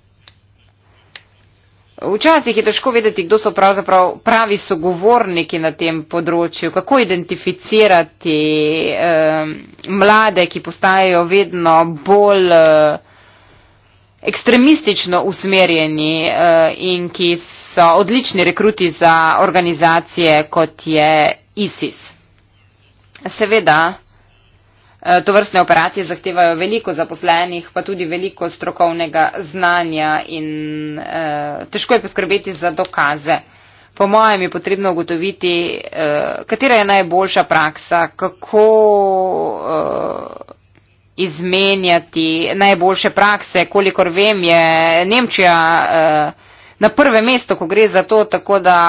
Včasih je težko vedeti, kdo so pravzaprav pravi sogovorniki na tem področju, kako identificirati eh, mlade, ki postajajo vedno bolj eh, ekstremistično usmerjeni eh, in ki so odlični rekruti za organizacije kot je ISIS. Seveda, Eh, to vrstne operacije zahtevajo veliko zaposlenih, pa tudi veliko strokovnega znanja in eh, težko je poskrbeti za dokaze. Po mojem je potrebno ugotoviti, eh, katera je najboljša praksa, kako eh, izmenjati najboljše prakse. Kolikor vem, je Nemčija eh, na prvem mestu, ko gre za to, tako da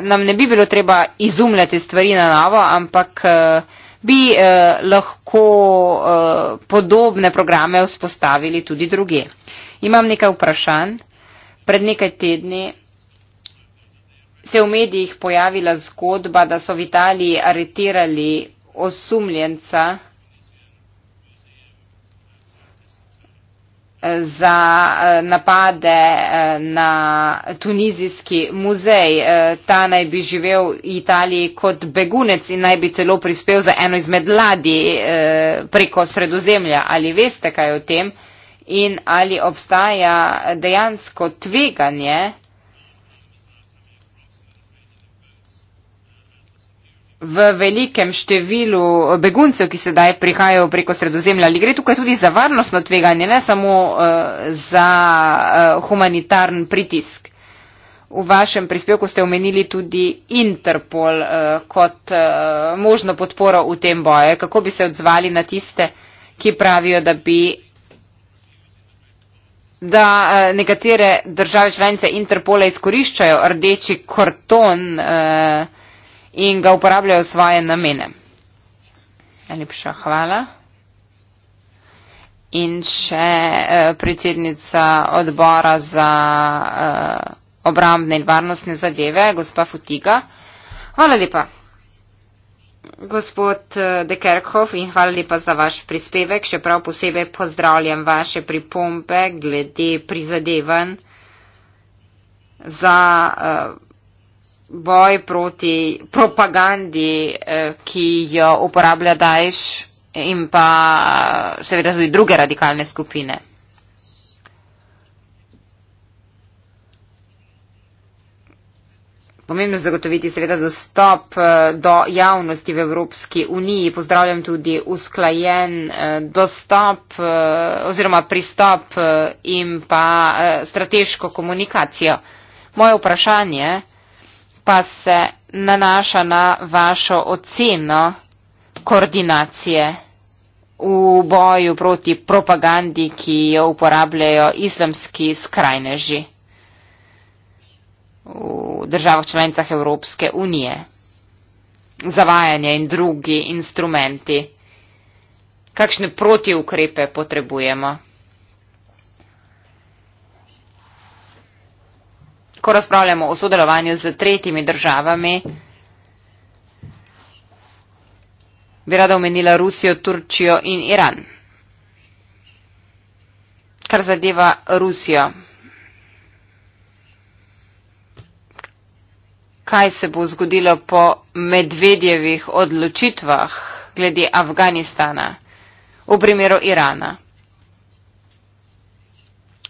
nam ne bi bilo treba izumljati stvari na novo, ampak. Eh, bi eh, lahko eh, podobne programe vzpostavili tudi druge. Imam nekaj vprašanj. Pred nekaj tedni se je v medijih pojavila zgodba, da so v Italiji aretirali osumljenca, za eh, napade eh, na tunizijski muzej. Eh, ta naj bi živel v Italiji kot begunec in naj bi celo prispel za eno izmed ladij preko sredozemlja. Ali veste kaj o tem in ali obstaja dejansko tveganje? v velikem številu beguncev, ki sedaj prihajajo preko sredozemlja. Ali gre tukaj tudi za varnostno tveganje, ne samo uh, za uh, eh, humanitarn pritisk? V vašem prispevku ste omenili tudi Interpol uh, kot uh, možno podporo v tem boju. Kako bi se odzvali na tiste, ki pravijo, da bi da nekatere države članice Interpola izkoriščajo rdeči korton eh, in ga uporabljajo svoje namene. Najlepša hvala. In še eh, predsednica odbora za eh, obrambne in varnostne zadeve, gospa Futiga. Hvala lepa, gospod eh, De Kerkhoff in hvala lepa za vaš prispevek. Še prav posebej pozdravljam vaše pripombe glede prizadevanj za. Eh, boj proti propagandi, eh, ki jo uporablja Daesh in pa eh, seveda tudi druge radikalne skupine. Pomembno je zagotoviti seveda dostop eh, do javnosti v Evropski uniji. Pozdravljam tudi usklajen dostop oziroma pristop in pa strateško komunikacijo. Moje vprašanje je, pa se nanaša na vašo oceno koordinacije v boju proti propagandi, ki jo uporabljajo islamski skrajneži v državah članicah Evropske unije. Zavajanje in drugi instrumenti. Kakšne protiukrepe potrebujemo? lahko razpravljamo o sodelovanju z tretjimi državami. Bi rada omenila Rusijo, Turčijo in Iran. Kar zadeva Rusijo. Kaj se bo zgodilo po medvedjevih odločitvah glede Afganistana v primeru Irana?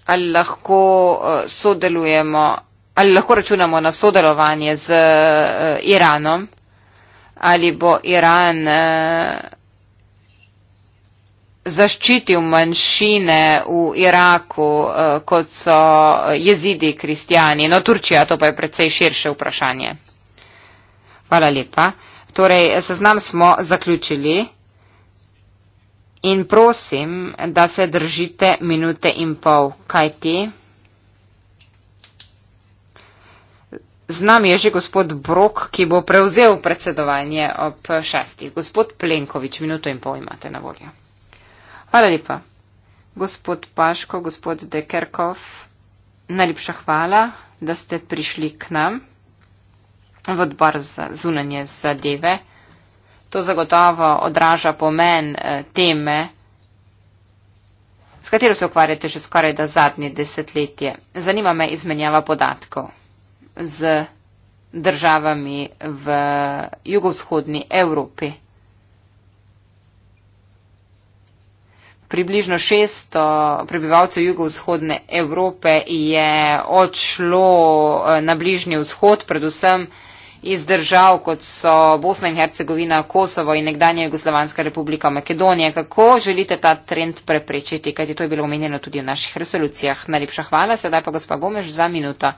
Ali lahko eh, sodelujemo Ali lahko računamo na sodelovanje z uh, Iranom? Ali bo Iran uh, zaščitil manjšine v Iraku, uh, kot so jezidi, kristijani? No, Turčija, to pa je precej širše vprašanje. Hvala lepa. Torej, seznam smo zaključili in prosim, da se držite minute in pol. Kaj ti? Z nami je že gospod Brok, ki bo prevzel predsedovanje ob šestih. Gospod Plenkovič, minuto in pol imate na voljo. Hvala lepa. Gospod Paško, gospod Dekerkov, najlepša hvala, da ste prišli k nam v odbor za zunanje zadeve. To zagotovo odraža pomen eh, teme, s katero se ukvarjate že skoraj da zadnje desetletje. Zanima me izmenjava podatkov z državami v jugovzhodni Evropi. Približno 600 prebivalcev jugovzhodne Evrope je odšlo eh, na bližnji vzhod, predvsem iz držav, kot so Bosna in Hercegovina, Kosovo in nekdanja Jugoslavanska republika Makedonija. Kako želite ta trend preprečiti, kajti to je bilo omenjeno tudi v naših resolucijah. Najlepša hvala, sedaj pa gospa Gomeš za minuto.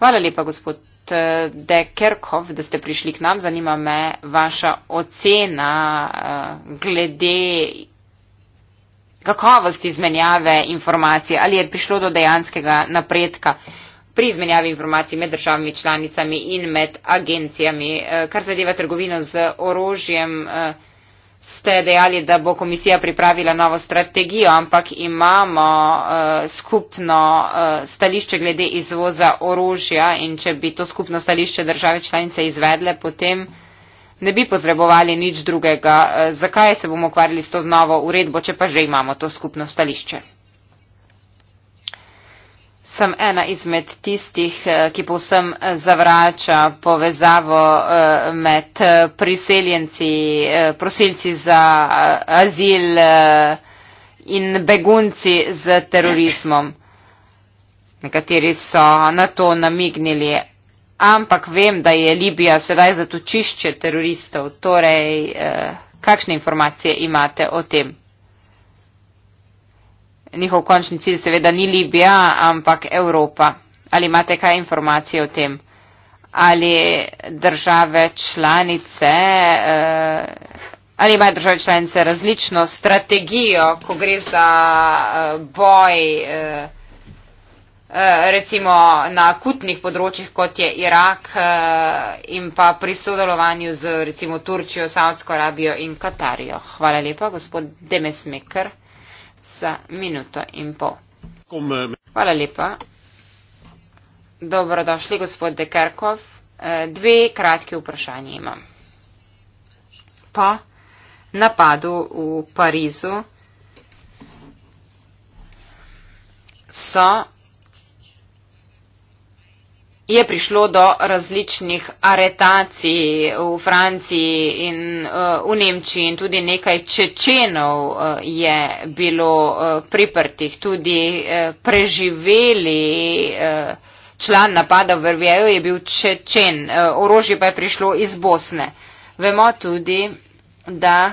Hvala lepa, gospod eh, De Kerkov, da ste prišli k nam. Zanima me vaša ocena eh, glede kakovosti izmenjave informacij. Ali je prišlo do dejanskega napredka pri izmenjavi informacij med državami članicami in med agencijami, eh, kar zadeva trgovino z orožjem? Uh, ste dejali, da bo komisija pripravila novo strategijo, ampak imamo uh, skupno uh, stališče glede izvoza orožja in če bi to skupno stališče države članice izvedle, potem ne bi potrebovali nič drugega. Uh, zakaj se bomo ukvarjali s to novo uredbo, če pa že imamo to skupno stališče? sem ena izmed tistih, eh, ki povsem eh, zavrača povezavo eh, med priseljenci, prosilci za azil in begunci z terorizmom. Nekateri so na to namignili, ampak vem, da je Libija sedaj zatočišče teroristov. Torej, kakšne informacije imate o tem? njihov končni cilj seveda ni Libija, ampak Evropa. Ali imate kaj informacije o tem? Ali države članice. Uh, Ali imajo države članice različno strategijo, ko gre za uh, boj uh, uh, recimo na akutnih področjih, kot je Irak uh, in pa pri sodelovanju z recimo Turčijo, Saudsko Arabijo in Katarijo? Hvala lepa, gospod Demesmeker sa minuto in pol. Eh, Hvala lepa. Dobrodošli, gospod Dekarkov. Eh, dve kratke vprašanje imam. Po napadu v Parizu so je prišlo do različnih aretacij v Franciji in uh, v Nemčiji in tudi nekaj čečenov uh, je bilo uh, priprtih. Tudi uh, preživeli uh, član napada v Vrvijeju je bil čečen, uh, orožje pa je prišlo iz Bosne. Vemo tudi, da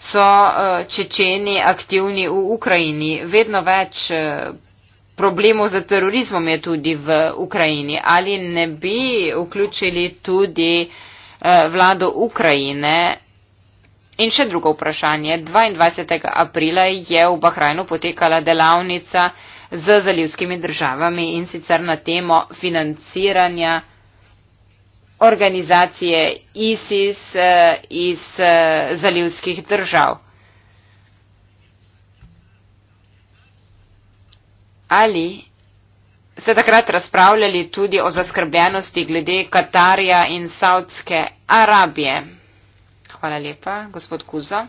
so uh, čečeni aktivni v Ukrajini. Vedno več. Uh, problemov z terorizmom je tudi v Ukrajini. Ali ne bi vključili tudi eh, vlado Ukrajine? In še drugo vprašanje. 22. aprila je v Bahrajnu potekala delavnica z zalivskimi državami in sicer na temo financiranja organizacije ISIS eh, iz eh, zalivskih držav. Ali ste takrat razpravljali tudi o zaskrbljenosti glede Katarja in Saudske Arabije? Hvala lepa, gospod Kuzo.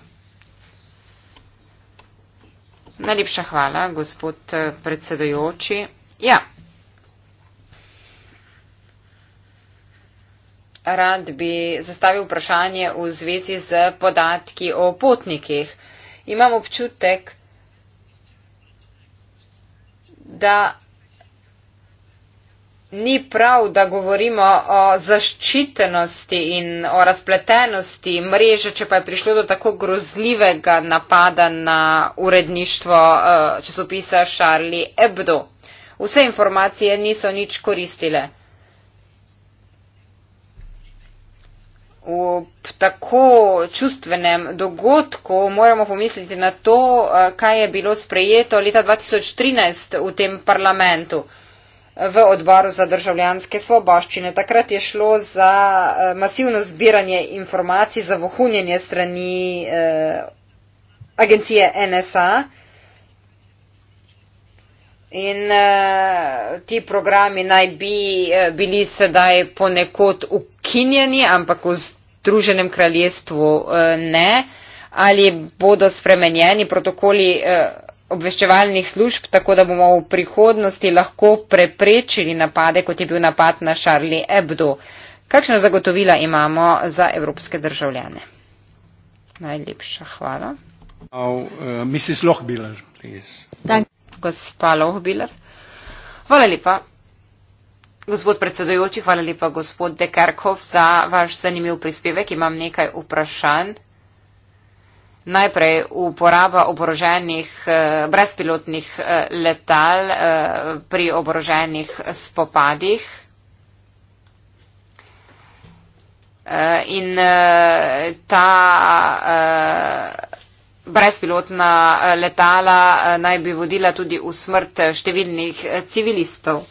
Najlepša hvala, gospod eh, predsedojoči. Ja. Rad bi zastavil vprašanje v zvezi z podatki o potnikih. Imam občutek, da ni prav, da govorimo o zaščitenosti in o razpletenosti mreže, če pa je prišlo do tako grozljivega napada na uredništvo eh, časopisa Charlie Hebdo. Vse informacije niso nič koristile. ob tako čustvenem dogodku moramo pomisliti na to, eh, kaj je bilo sprejeto leta 2013 v tem parlamentu v odboru za državljanske svoboščine. Takrat je šlo za eh, masivno zbiranje informacij, za vohunjenje strani eh, agencije NSA. In eh, ti programi naj bi eh, bili sedaj ponekod ukrepljeni ukinjeni, ampak v Združenem kraljestvu eh, ne, ali bodo spremenjeni protokoli eh, obveščevalnih služb, tako da bomo v prihodnosti lahko preprečili napade, kot je bil napad na Charlie Hebdo. Kakšna zagotovila imamo za evropske državljane? Najlepša hvala. Eh, Gospa Lohbiler. Hvala lepa. Gospod predsedujoči, hvala lepa gospod Dekarkov za vaš zanimiv prispevek. Imam nekaj vprašanj. Najprej uporaba oboroženih eh, brezpilotnih eh, letal eh, pri oboroženih spopadih. In ta brezpilotna letala naj bi vodila tudi v smrt številnih civilistov.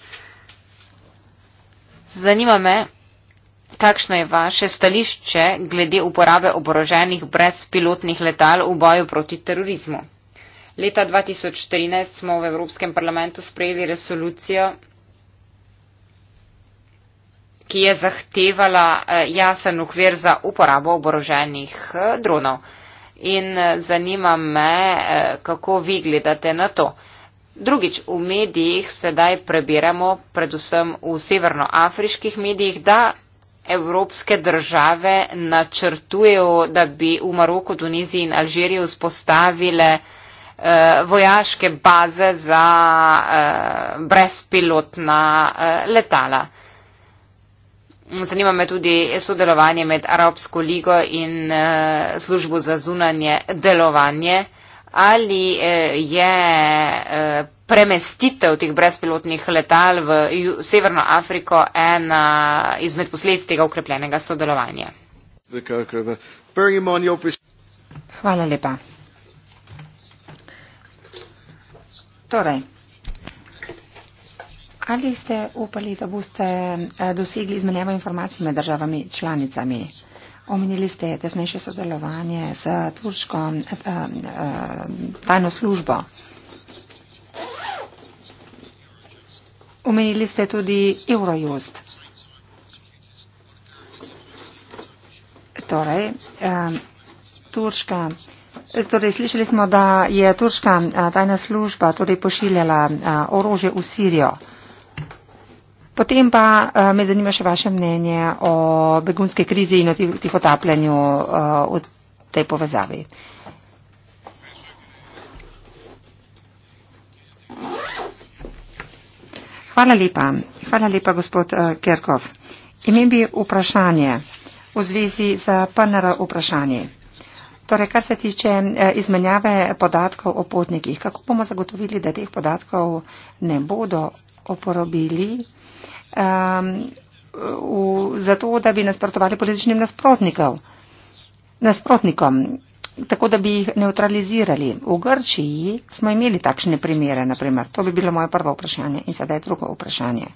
Zanima me, kakšno je vaše stališče glede uporabe oboroženih brezpilotnih letal v boju proti terorizmu. Leta 2013 smo v Evropskem parlamentu sprejeli resolucijo, ki je zahtevala eh, jasen ukvir za uporabo oboroženih eh, dronov. In eh, zanima me, kako vi gledate na to. Drugič, v medijih sedaj prebiramo, predvsem v severnoafriških medijih, da evropske države načrtujejo, da bi v Maroku, Tuniziji in Alžiriji vzpostavile eh, vojaške baze za eh, brezpilotna eh, letala. Zanima me tudi sodelovanje med Arabsko ligo in eh, službo za zunanje delovanje. Eh, ali eh, je eh, premestitev teh brezpilotnih letal v Severno Afriko ena izmed posledic tega ukrepljenega sodelovanja. Hvala lepa. Torej, ali ste upali, da boste eh, dosegli izmenjavo informacij med državami članicami? Omenili ste tesnejše sodelovanje z turško tajno službo. Omenili ste tudi Eurojust. Torej, turška, torej slišali smo, da je turška tajna služba tudi pošiljala orože v Sirijo. Potem pa eh, me zanima še vaše mnenje o begunske krizi in o tihotapljanju eh, v tej povezavi. Hvala lepa. Hvala lepa, gospod eh, Kerkov. Imem bi vprašanje v zvezi z PNR vprašanje. Torej, kar se tiče izmenjave podatkov o potnikih, kako bomo zagotovili, da teh podatkov ne bodo oporobili um, v, zato, da bi nasprotovali političnim nasprotnikom, tako da bi jih neutralizirali. V Grčiji smo imeli takšne primere, naprimer. To bi bilo moje prvo vprašanje in sedaj drugo vprašanje.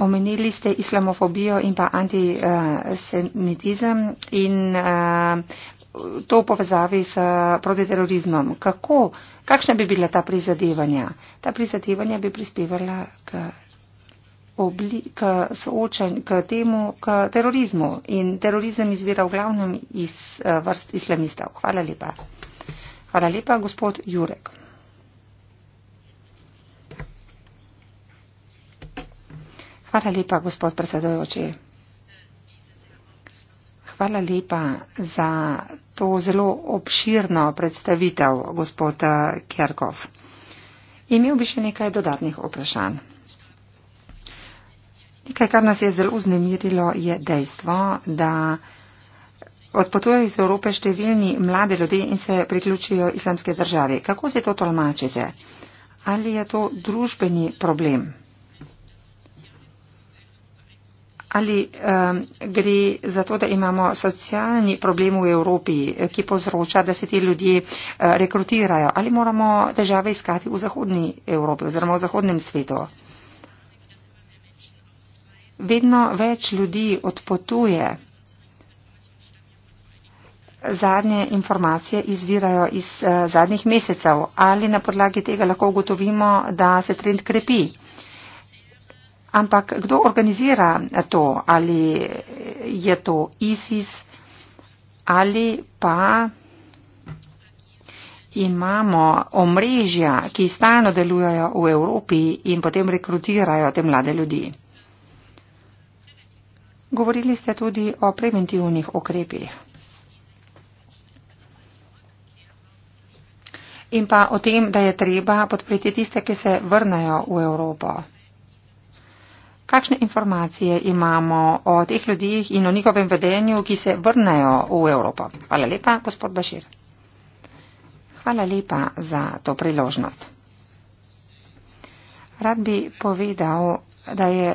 Omenili ste islamofobijo in pa antisemitizem in uh, to v povezavi s protiterorizmom. Kako? Kakšna bi bila ta prizadevanja? Ta prizadevanja bi prispevala k, obli, k, soočen, k temu, k terorizmu. In terorizem izvira v glavnem iz eh, vrst islamistov. Hvala lepa. Hvala lepa, gospod Jurek. Hvala lepa, gospod predsedojoči. Hvala lepa za to zelo obširno predstavitev, gospod eh, Kjerkov. Imel bi še nekaj dodatnih vprašanj. Nekaj, kar nas je zelo znemirilo, je dejstvo, da odpotujo iz Evrope številni mladi ljudje in se priključijo islamske države. Kako se to tolmačite? Ali je to družbeni problem? ali um, gre za to, da imamo socialni problem v Evropi, ki povzroča, da se ti ljudje uh, rekrutirajo, ali moramo države iskati v zahodni Evropi oziroma v zahodnem svetu. Vedno več ljudi odpotuje. Zadnje informacije izvirajo iz uh, zadnjih mesecev. Ali na podlagi tega lahko ugotovimo, da se trend krepi? Ampak kdo organizira to? Ali je to ISIS? Ali pa imamo omrežja, ki stalno delujejo v Evropi in potem rekrutirajo te mlade ljudi? Govorili ste tudi o preventivnih okrepih. In pa o tem, da je treba podpreti tiste, ki se vrnajo v Evropo kakšne informacije imamo o teh ljudih in o njihovem vedenju, ki se vrnejo v Evropo. Hvala lepa, gospod Bašir. Hvala lepa za to priložnost. Rad bi povedal, da je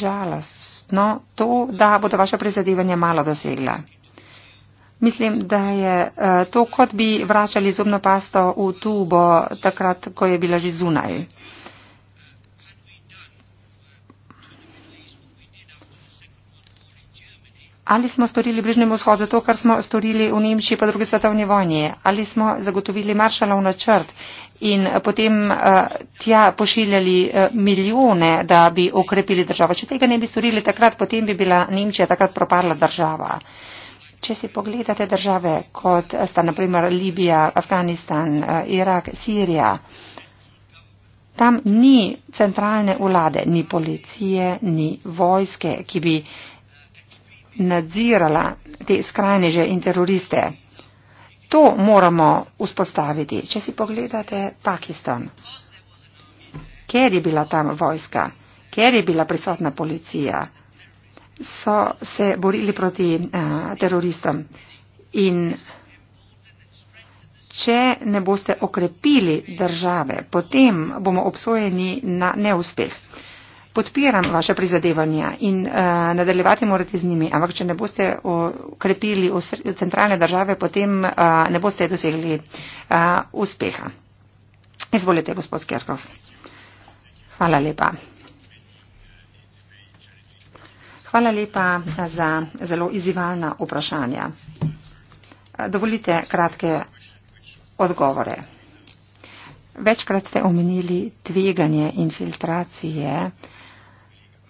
žalostno to, da bodo vaše prizadevanja malo dosegla. Mislim, da je eh, to, kot bi vračali zobno pasto v tubo takrat, ko je bila že zunaj. Ali smo storili Bližnjemu vzhodu to, kar smo storili v Nemčiji po drugi svetovni vojni? Ali smo zagotovili maršalov načrt in potem uh, tja pošiljali uh, milijone, da bi okrepili državo? Če tega ne bi storili takrat, potem bi bila Nemčija takrat propadla država. Če si pogledate države, kot sta naprimer Libija, Afganistan, uh, Irak, Sirija, tam ni centralne vlade, ni policije, ni vojske, ki bi nadzirala te skrajneže in teroriste. To moramo vzpostaviti. Če si pogledate Pakistan, ker je bila tam vojska, ker je bila prisotna policija, so se borili proti uh, teroristom. In če ne boste okrepili države, potem bomo obsojeni na neuspeh podpiram vaše prizadevanja in uh, nadaljevati morate z njimi, ampak če ne boste ukrepili v, v centralne države, potem uh, ne boste dosegli uh, uspeha. Izvolite, gospod Skerkov. Hvala lepa. Hvala lepa za zelo izzivalna vprašanja. Dovolite kratke odgovore. Večkrat ste omenili tveganje infiltracije uh,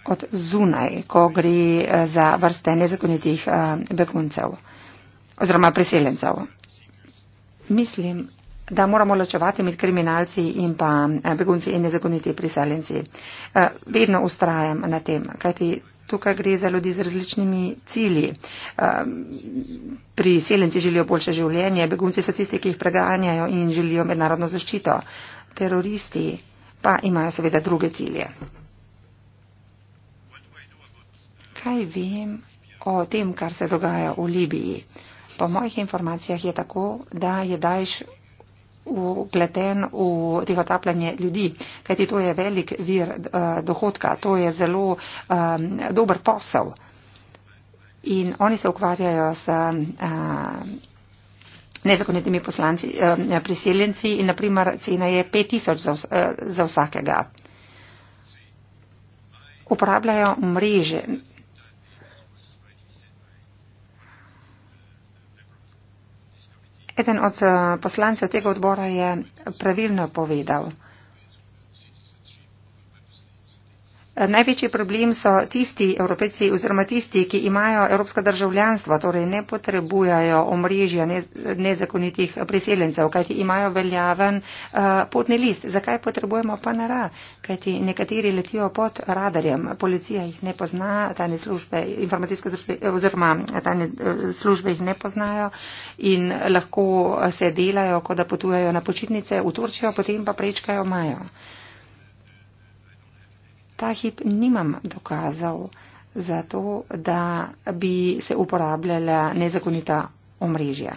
kot zunaj, ko gre eh, za vrste nezakonitih eh, beguncev oziroma priseljencev. Mislim, da moramo ločevati med kriminalci in pa eh, begunci in nezakoniti priseljenci. Vedno ustrajam na tem, kajti tukaj gre za ljudi z različnimi cilji. Priseljenci želijo boljše življenje, begunci so tisti, ki jih preganjajo in želijo mednarodno zaščito. Teroristi pa imajo seveda druge cilje kaj vem o tem, kar se dogaja v Libiji. Po mojih informacijah je tako, da je Daesh upleten v tihotapljanje ljudi, kajti to je velik vir eh, dohodka, to je zelo um, dober posel. In oni se ukvarjajo s eh, nezakonitimi poslanci, priseljenci in naprimer cena je 5000 za, eh, za vsakega. Uporabljajo mreže, Eden od eh, poslancev tega odbora je pravilno povedal, Največji problem so tisti evropejci oziroma tisti, ki imajo evropsko državljanstvo, torej ne potrebujajo omrežja nezakonitih priseljencev, kajti imajo veljaven eh, potni list. Zakaj potrebujemo pa nara? Kajti nekateri letijo pod radarjem, policija jih ne pozna, tajne službe, informacijske službe eh, oziroma eh, tajne službe jih ne poznajo in lahko se delajo, kot da potujejo na počitnice v Turčijo, potem pa prečkajo Majo ta hip nimam dokazov za to, da bi se uporabljala nezakonita omrežja.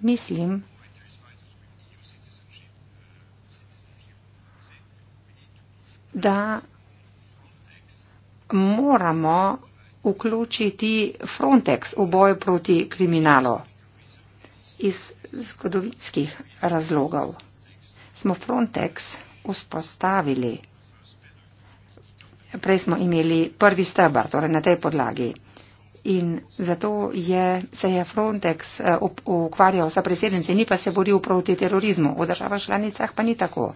Mislim, da moramo vključiti Frontex v boj proti kriminalu iz zgodovinskih razlogov. Smo Frontex vzpostavili. Prej smo imeli prvi stebr, torej na tej podlagi. In zato je, se je Frontex eh, ukvarjal sa preseljenci, ni pa se boril proti terorizmu. V državah članicah pa ni tako.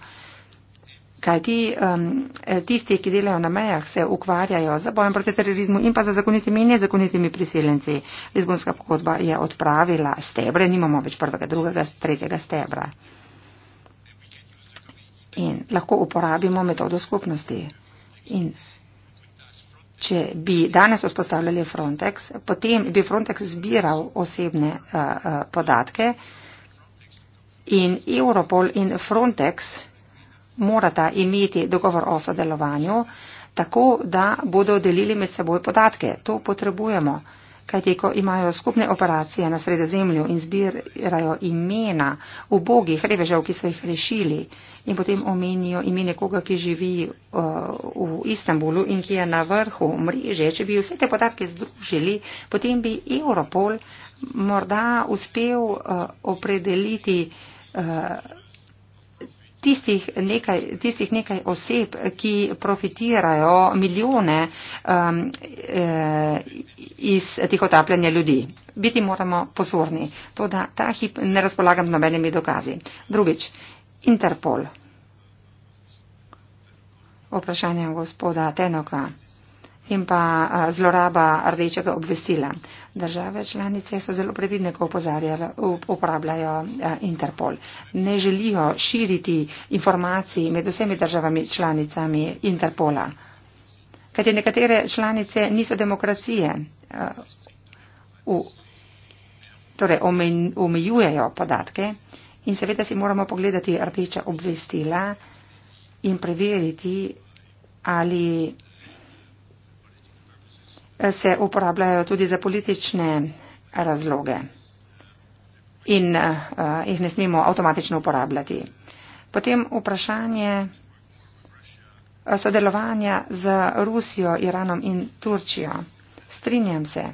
Kaj ti, um, eh, tisti, ki delajo na mejah, se ukvarjajo za bojem proti terorizmu in pa za zakonitimi in nezakonitimi priseljenci. Lizbonska pogodba je odpravila stebre, nimamo več prvega, drugega, tretjega stebra in lahko uporabimo metodo skupnosti. In če bi danes vzpostavljali Frontex, potem bi Frontex zbiral osebne uh, uh, podatke in Europol in Frontex morata imeti dogovor o sodelovanju, tako da bodo delili med seboj podatke. To potrebujemo. Uh, kajti ko imajo skupne operacije na sredozemlju in zbirajo imena ubogih revežev, ki so jih rešili in potem omenijo ime nekoga, ki živi uh, v Istanbulu in ki je na vrhu mreže, če bi vse te podatke združili, potem bi Europol morda uspel uh, opredeliti. Uh, tistih nekaj, tistih nekaj oseb, ki profitirajo milijone um, eh, iz tih otapljanja ljudi. Biti moramo pozorni, to da ta hip ne razpolagam nobenimi dokazi. Drugič, Interpol. Vprašanje gospoda Tenoka in pa eh, zloraba rdečega obvesila. Države članice so zelo previdne, ko uporabljajo eh, Interpol. Ne želijo širiti informacij med vsemi državami članicami Interpola. Kajti nekatere članice niso demokracije, eh, v, torej omejujejo podatke in seveda si moramo pogledati rdeča obvestila in preveriti, ali se uporabljajo tudi za politične razloge in uh, jih ne smemo avtomatično uporabljati. Potem vprašanje eh, sodelovanja z Rusijo, Iranom in Turčijo. Strinjam se.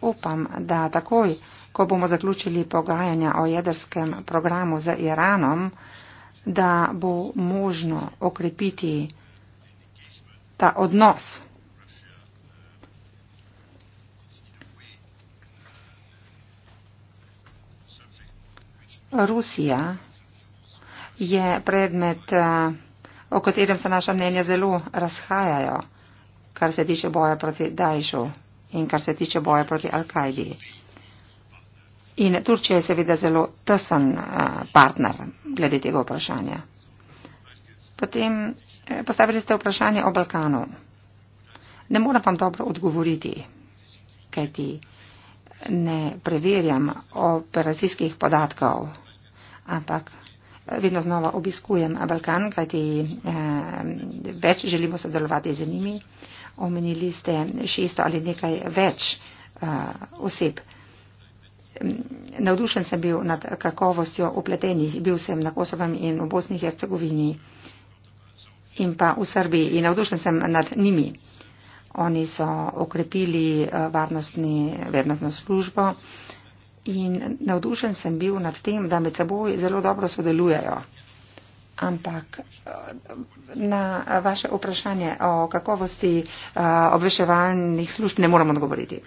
Upam, da takoj, ko bomo zaključili pogajanja o jedrskem programu z Iranom, da bo možno okrepiti ta odnos. Rusija je predmet, eh, o katerem se naša mnenja zelo razhajajo, kar se tiče boja proti Dajšu in kar se tiče boja proti Al-Kaidi. In Turčija je seveda zelo tesen eh, partner glede tega vprašanja. Potem eh, postavili ste vprašanje o Balkanu. Ne moram vam dobro odgovoriti, kajti ne preverjam operacijskih podatkov, ampak vedno znova obiskujem Balkan, kajti eh, več želimo sodelovati z njimi. Omenili ste šesto ali nekaj več eh, oseb. Navdušen sem bil nad kakovostjo upletenih. Bil sem na Kosovem in v Bosni in Hercegovini in pa v Srbiji in navdušen sem nad njimi. Oni so okrepili eh, varnostni vernostno službo in navdušen sem bil nad tem, da med seboj zelo dobro sodelujejo. Ampak eh, na vaše vprašanje o kakovosti eh, obveševalnih služb ne moramo odgovoriti.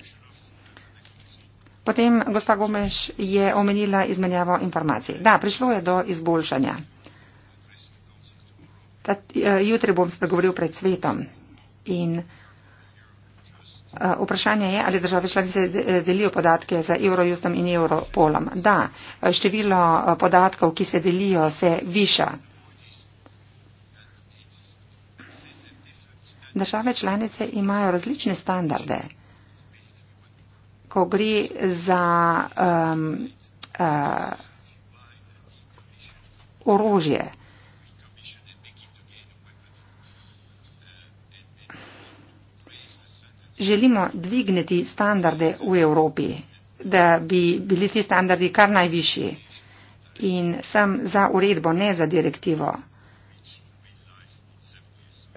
Potem gospa Gomeš je omenila izmenjavo informacij. Da, prišlo je do izboljšanja. Jutri bom spregovoril pred svetom in Eh, vprašanje je, ali države članice eh, delijo podatke z Eurojustom in Europolom. Da, eh, število podatkov, ki se delijo, se viša. Države članice imajo različne standarde, ko gre za um, uh, orožje. želimo dvigniti standarde v Evropi, da bi bili ti standardi kar najvišji. In sem za uredbo, ne za direktivo,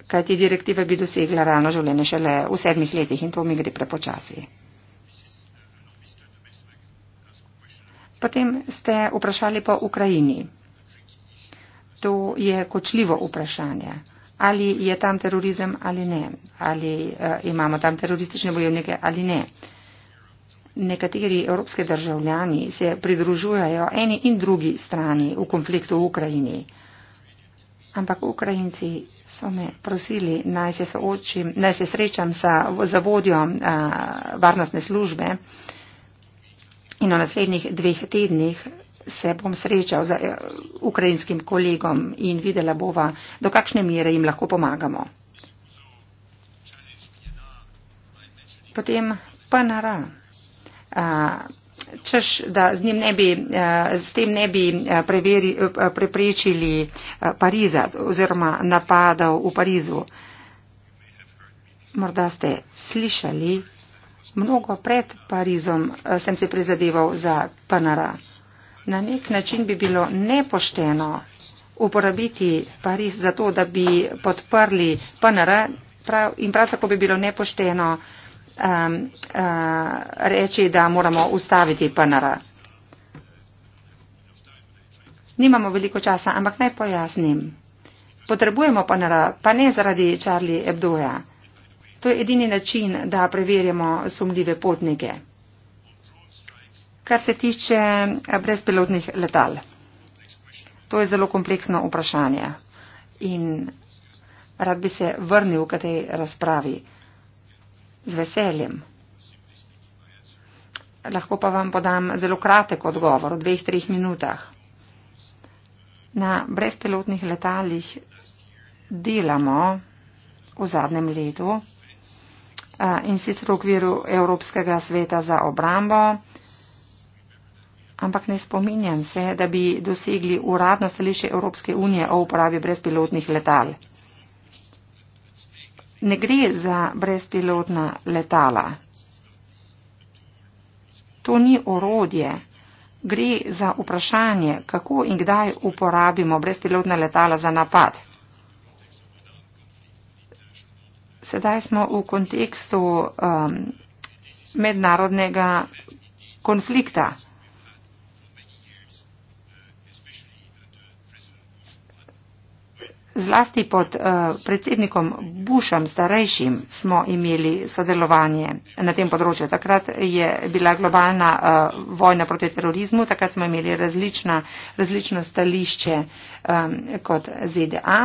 kaj ti direktive bi dosegla realno življenje šele v sedmih letih in to mi gre prepočasi. Potem ste vprašali po Ukrajini. To je kočljivo vprašanje ali je tam terorizem ali ne, ali uh, imamo tam teroristične bojevnike ali ne. Nekateri evropske državljani se pridružujejo eni in drugi strani v konfliktu v Ukrajini. Ampak Ukrajinci so me prosili, naj se, soočim, naj se srečam sa, za vodjom uh, eh, varnostne službe in v naslednjih dveh tednih se bom srečal z eh, ukrajinskim kolegom in videla bova, do kakšne mere jim lahko pomagamo. Potem PNR. Češ, da z, ne bi, z tem ne bi preveri, preprečili Pariza oziroma napadov v Parizu. Morda ste slišali, mnogo pred Parizom sem se prizadeval za PNR. Na nek način bi bilo nepošteno uporabiti Pariz za to, da bi podprli PNR prav, in prav tako bi bilo nepošteno um, uh, reči, da moramo ustaviti PNR. Nimamo veliko časa, ampak naj pojasnim. Potrebujemo PNR, pa ne zaradi Charlie Hebdoja. To je edini način, da preverjamo sumljive potnike. Kar se tiče eh, brezpilotnih letal, to je zelo kompleksno vprašanje in rad bi se vrnil k tej razpravi z veseljem. Lahko pa vam podam zelo kratek odgovor v dveh, treh minutah. Na brezpilotnih letalih delamo v zadnjem letu eh, in sicer v okviru Evropskega sveta za obrambo ampak ne spominjam se, da bi dosegli uradno stališče Evropske unije o uporabi brezpilotnih letal. Ne gre za brezpilotna letala. To ni orodje. Gre za vprašanje, kako in kdaj uporabimo brezpilotna letala za napad. Sedaj smo v kontekstu um, mednarodnega konflikta. Zlasti pod eh, predsednikom Bushom starejšim smo imeli sodelovanje na tem področju. Takrat je bila globalna eh, vojna proti terorizmu, takrat smo imeli različna, različno stališče ehm, kot ZDA.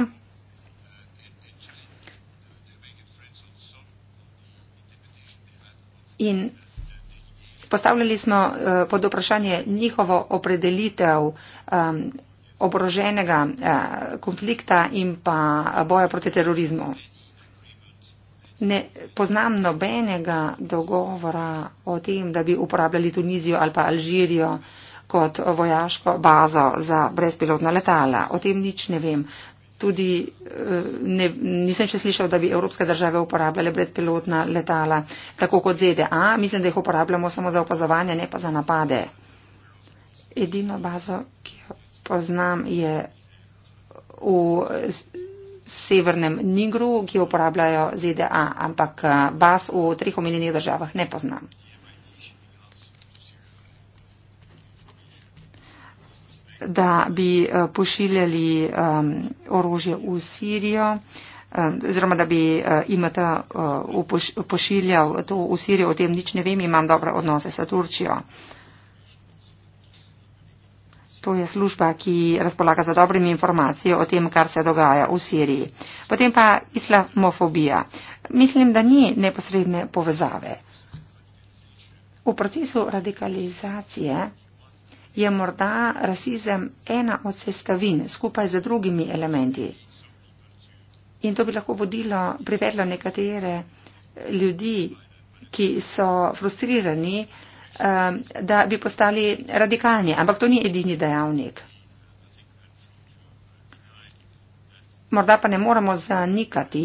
In postavljali smo eh, pod vprašanje njihovo opredelitev ehm, oboroženega eh, konflikta in pa boja proti terorizmu. Ne poznam nobenega dogovora o tem, da bi uporabljali Tunizijo ali pa Alžirijo kot vojaško bazo za brezpilotna letala. O tem nič ne vem. Tudi eh, ne, nisem še slišal, da bi evropske države uporabljale brezpilotna letala, tako kot ZDA. Mislim, da jih uporabljamo samo za opazovanje, ne pa za napade. Edino bazo, ki jo poznam, je v severnem Nigru, ki uporabljajo ZDA, ampak bas eh, v treh omenjenih državah ne poznam. Da bi eh, pošiljali um, orožje v Sirijo, oziroma um, da bi uh, eh, IMT uh, upoš, pošiljal to v Sirijo, o tem nič ne vem, imam dobre odnose s Turčijo. Uh, To je služba, ki razpolaga za dobrimi informacijami o tem, kar se dogaja v Siriji. Potem pa islamofobija. Mislim, da ni neposredne povezave. V procesu radikalizacije je morda rasizem ena od sestavin skupaj z drugimi elementi. In to bi lahko vodilo, privedlo nekatere ljudi, ki so frustrirani Um, da bi postali radikalni. Ampak to ni edini dejavnik. Morda pa ne moramo zanikati,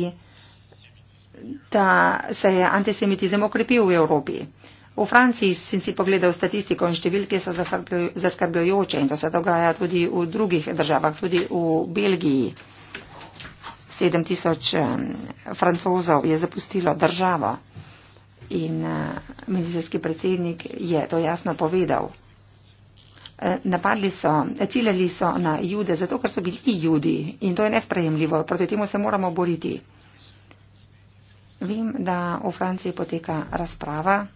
da se je antisemitizem okrepil v Evropi. V Franciji sem si pogledal statistiko in številke so zaskrbljujoče in to se dogaja tudi v drugih državah, tudi v Belgiji. 7000 um, francozov je zapustilo državo in eh, ministerski predsednik je to jasno povedal. Eh, napadli so, eh, ciljali so na jude, zato ker so bili judi in to je nesprejemljivo, proti temu se moramo boriti. Vem, da v Franciji poteka razprava,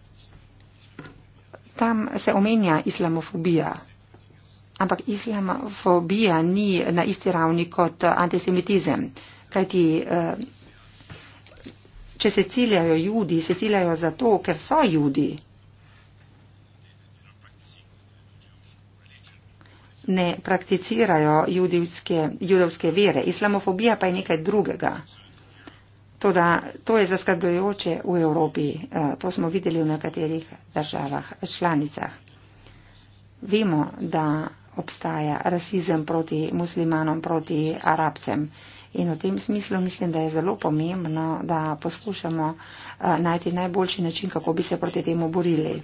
tam se omenja islamofobija, ampak islamofobija ni na isti ravni kot antisemitizem, kajti če se ciljajo judi, se ciljajo zato, ker so judi. Ne prakticirajo judovske, judovske vere. Islamofobija pa je nekaj drugega. Toda, to je zaskrbljujoče v Evropi. Eh, to smo videli v nekaterih državah, članicah. Vemo, da obstaja rasizem proti muslimanom, proti arabcem. In v tem smislu mislim, da je zelo pomembno, da poskušamo eh, najti najboljši način, kako bi se proti temu borili.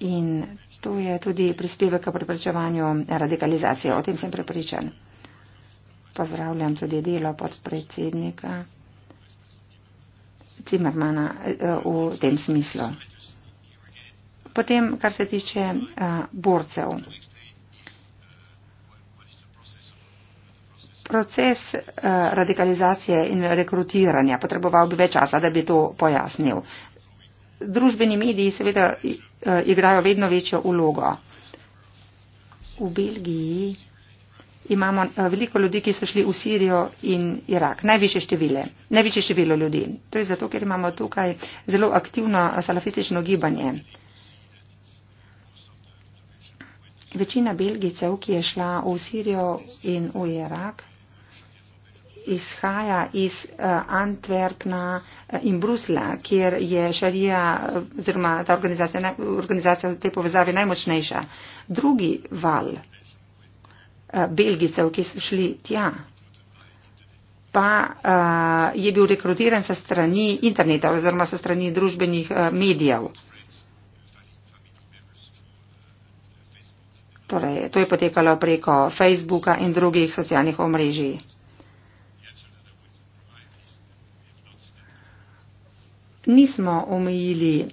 In to je tudi prispevek k preprečevanju radikalizacije. O tem sem prepričan. Pozdravljam tudi delo podpredsednika Cimermana eh, v tem smislu. Potem, kar se tiče eh, borcev. proces uh, radikalizacije in rekrutiranja. Potreboval bi več časa, da bi to pojasnil. Družbeni mediji seveda uh, igrajo vedno večjo ulogo. V Belgiji imamo uh, veliko ljudi, ki so šli v Sirijo in Irak. Najviše števile, največje število ljudi. To je zato, ker imamo tukaj zelo aktivno salafistično gibanje. Večina Belgijcev, ki je šla v Sirijo in v Irak, izhaja iz uh, Antwerpna eh, in Brusla, kjer je šarija eh, oziroma ta organizacija, organizacija v tej povezavi najmočnejša. Drugi val uh, Belgicev, ki so šli tja, pa uh, je bil rekrutiran sa strani interneta oziroma sa strani družbenih uh, medijev. Torej, to je potekalo preko Facebooka in drugih socialnih omrežij. nismo omejili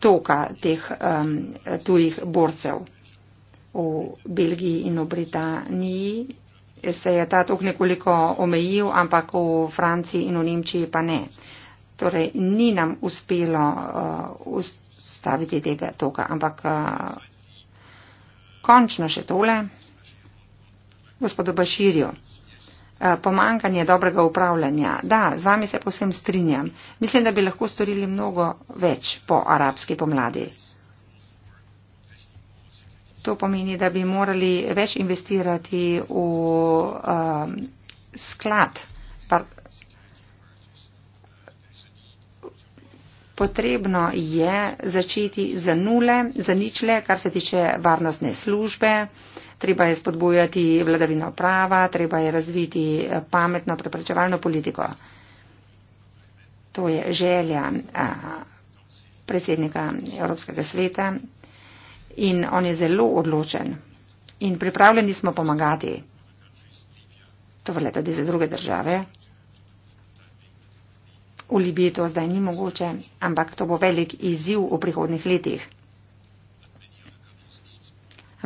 toka teh um, tujih borcev. V Belgiji in v Britaniji se je ta tok nekoliko omejil, ampak v Franciji in v Nemčiji pa ne. Torej, ni nam uspelo uh, ustaviti tega toka, ampak uh, končno še tole, gospodu Baširju. Eh, pomankanje dobrega upravljanja. Da, z vami se posem strinjam. Mislim, da bi lahko storili mnogo več po arabski pomladi. To pomeni, da bi morali več investirati v um, sklad. Potrebno je začeti za nule, za ničle, kar se tiče varnostne službe. Uh, treba je spodbujati vladavino prava, treba je razviti eh, pametno preprečevalno politiko. To je želja eh, predsednika Evropskega sveta in on je zelo odločen in pripravljeni smo pomagati. To vrle tudi za druge države. V Libiji to zdaj ni mogoče, ampak to bo velik izziv v prihodnih letih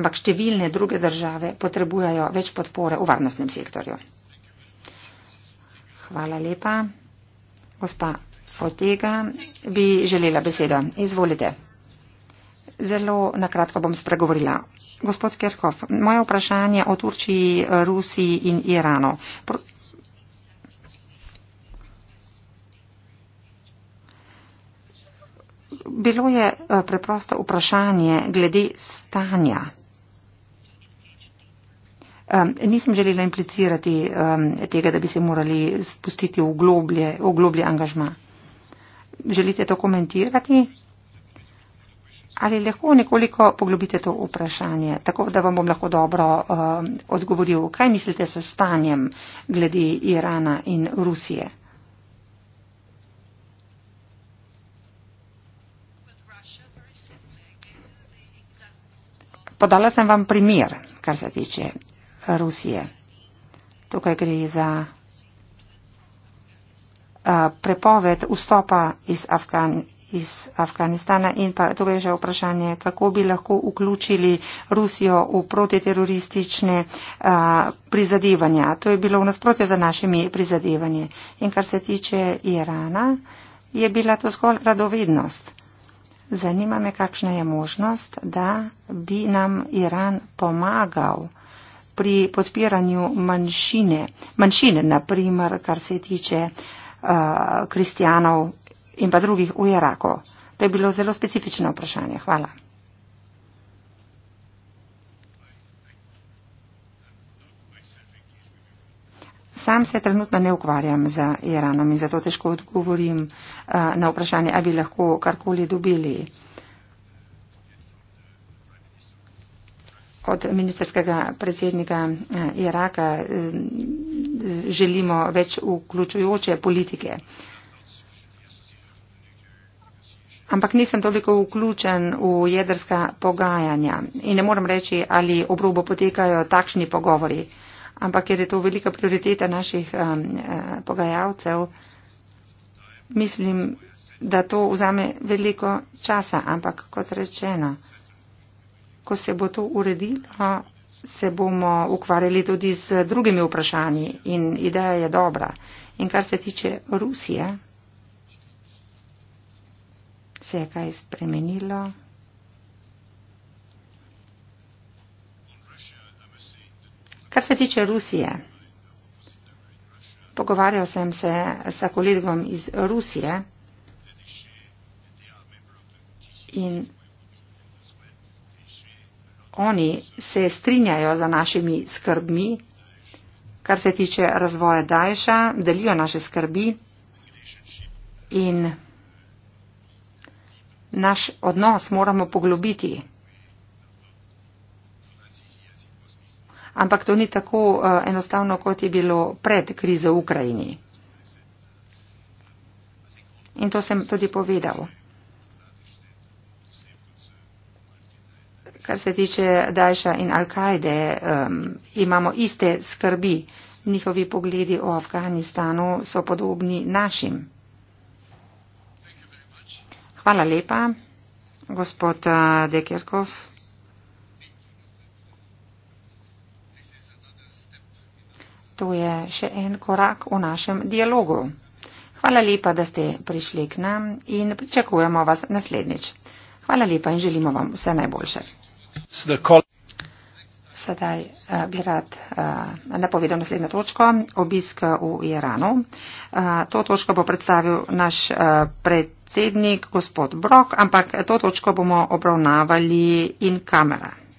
ampak številne druge države potrebujajo več podpore v varnostnem sektorju. Hvala lepa. Gospa Fotega bi želela besedo. Izvolite. Zelo nakratko bom spregovorila. Gospod Kerkov, moje vprašanje o Turčiji, Rusiji in Iranu. Pro Bilo je eh, preprosto vprašanje glede stanja Um, nisem želela implicirati um, tega, da bi se morali spustiti v globlje, v globlje angažma. Želite to komentirati? Ali lahko nekoliko poglobite to vprašanje, tako da vam bom lahko dobro um, odgovoril, kaj mislite s stanjem glede Irana in Rusije? Podala sem vam primer, kar se tiče Rusije. Tukaj gre za prepoved vstopa iz, Afgan, iz Afganistana in pa tukaj je že vprašanje, kako bi lahko vključili Rusijo v protiteroristične a, prizadevanja. To je bilo v nasprotju za našimi prizadevanje. In kar se tiče Irana, je bila to zgolj radovednost. Zanima me, kakšna je možnost, da bi nam Iran pomagal pri podpiranju manjšine, manjšine naprimer, kar se tiče uh, kristijanov in pa drugih v Iraku. To je bilo zelo specifično vprašanje. Hvala. Sam se trenutno ne ukvarjam z Iranom in zato težko odgovorim uh, na vprašanje, ali bi lahko karkoli dobili. Uh, od ministerskega predsednika eh, Iraka eh, želimo več vključujoče politike. Ampak nisem toliko vključen v jedrska pogajanja in ne moram reči, ali obrobo potekajo takšni pogovori, ampak ker je to velika prioriteta naših um, pogajalcev, mislim, da to vzame veliko časa, ampak kot rečeno, ko se bo to uredilo, se bomo ukvarjali tudi z drugimi vprašanji in ideja je dobra. In kar se tiče Rusije, se je kaj spremenilo. Kar se tiče Rusije, pogovarjal sem se s kolegom iz Rusije in oni se strinjajo za našimi skrbmi, kar se tiče razvoja Daesha, delijo naše skrbi in naš odnos moramo poglobiti. Ampak to ni tako eh, enostavno, kot je bilo pred krizo v Ukrajini. In to sem tudi povedal. Kar se tiče Dajša in Al-Kaide, um, imamo iste skrbi. Njihovi pogledi o Afganistanu so podobni našim. Hvala lepa, gospod eh, Dekerkov. To je še en korak v našem dialogu. Hvala lepa, da ste prišli k nam in pričakujemo vas naslednjič. Hvala lepa in želimo vam vse najboljše. Sedaj eh, bi rad eh, napovedal naslednjo točko, obisk eh, v Iranu. To točko bo predstavil naš predsednik gospod Brok, ampak to točko bomo obravnavali in kamera.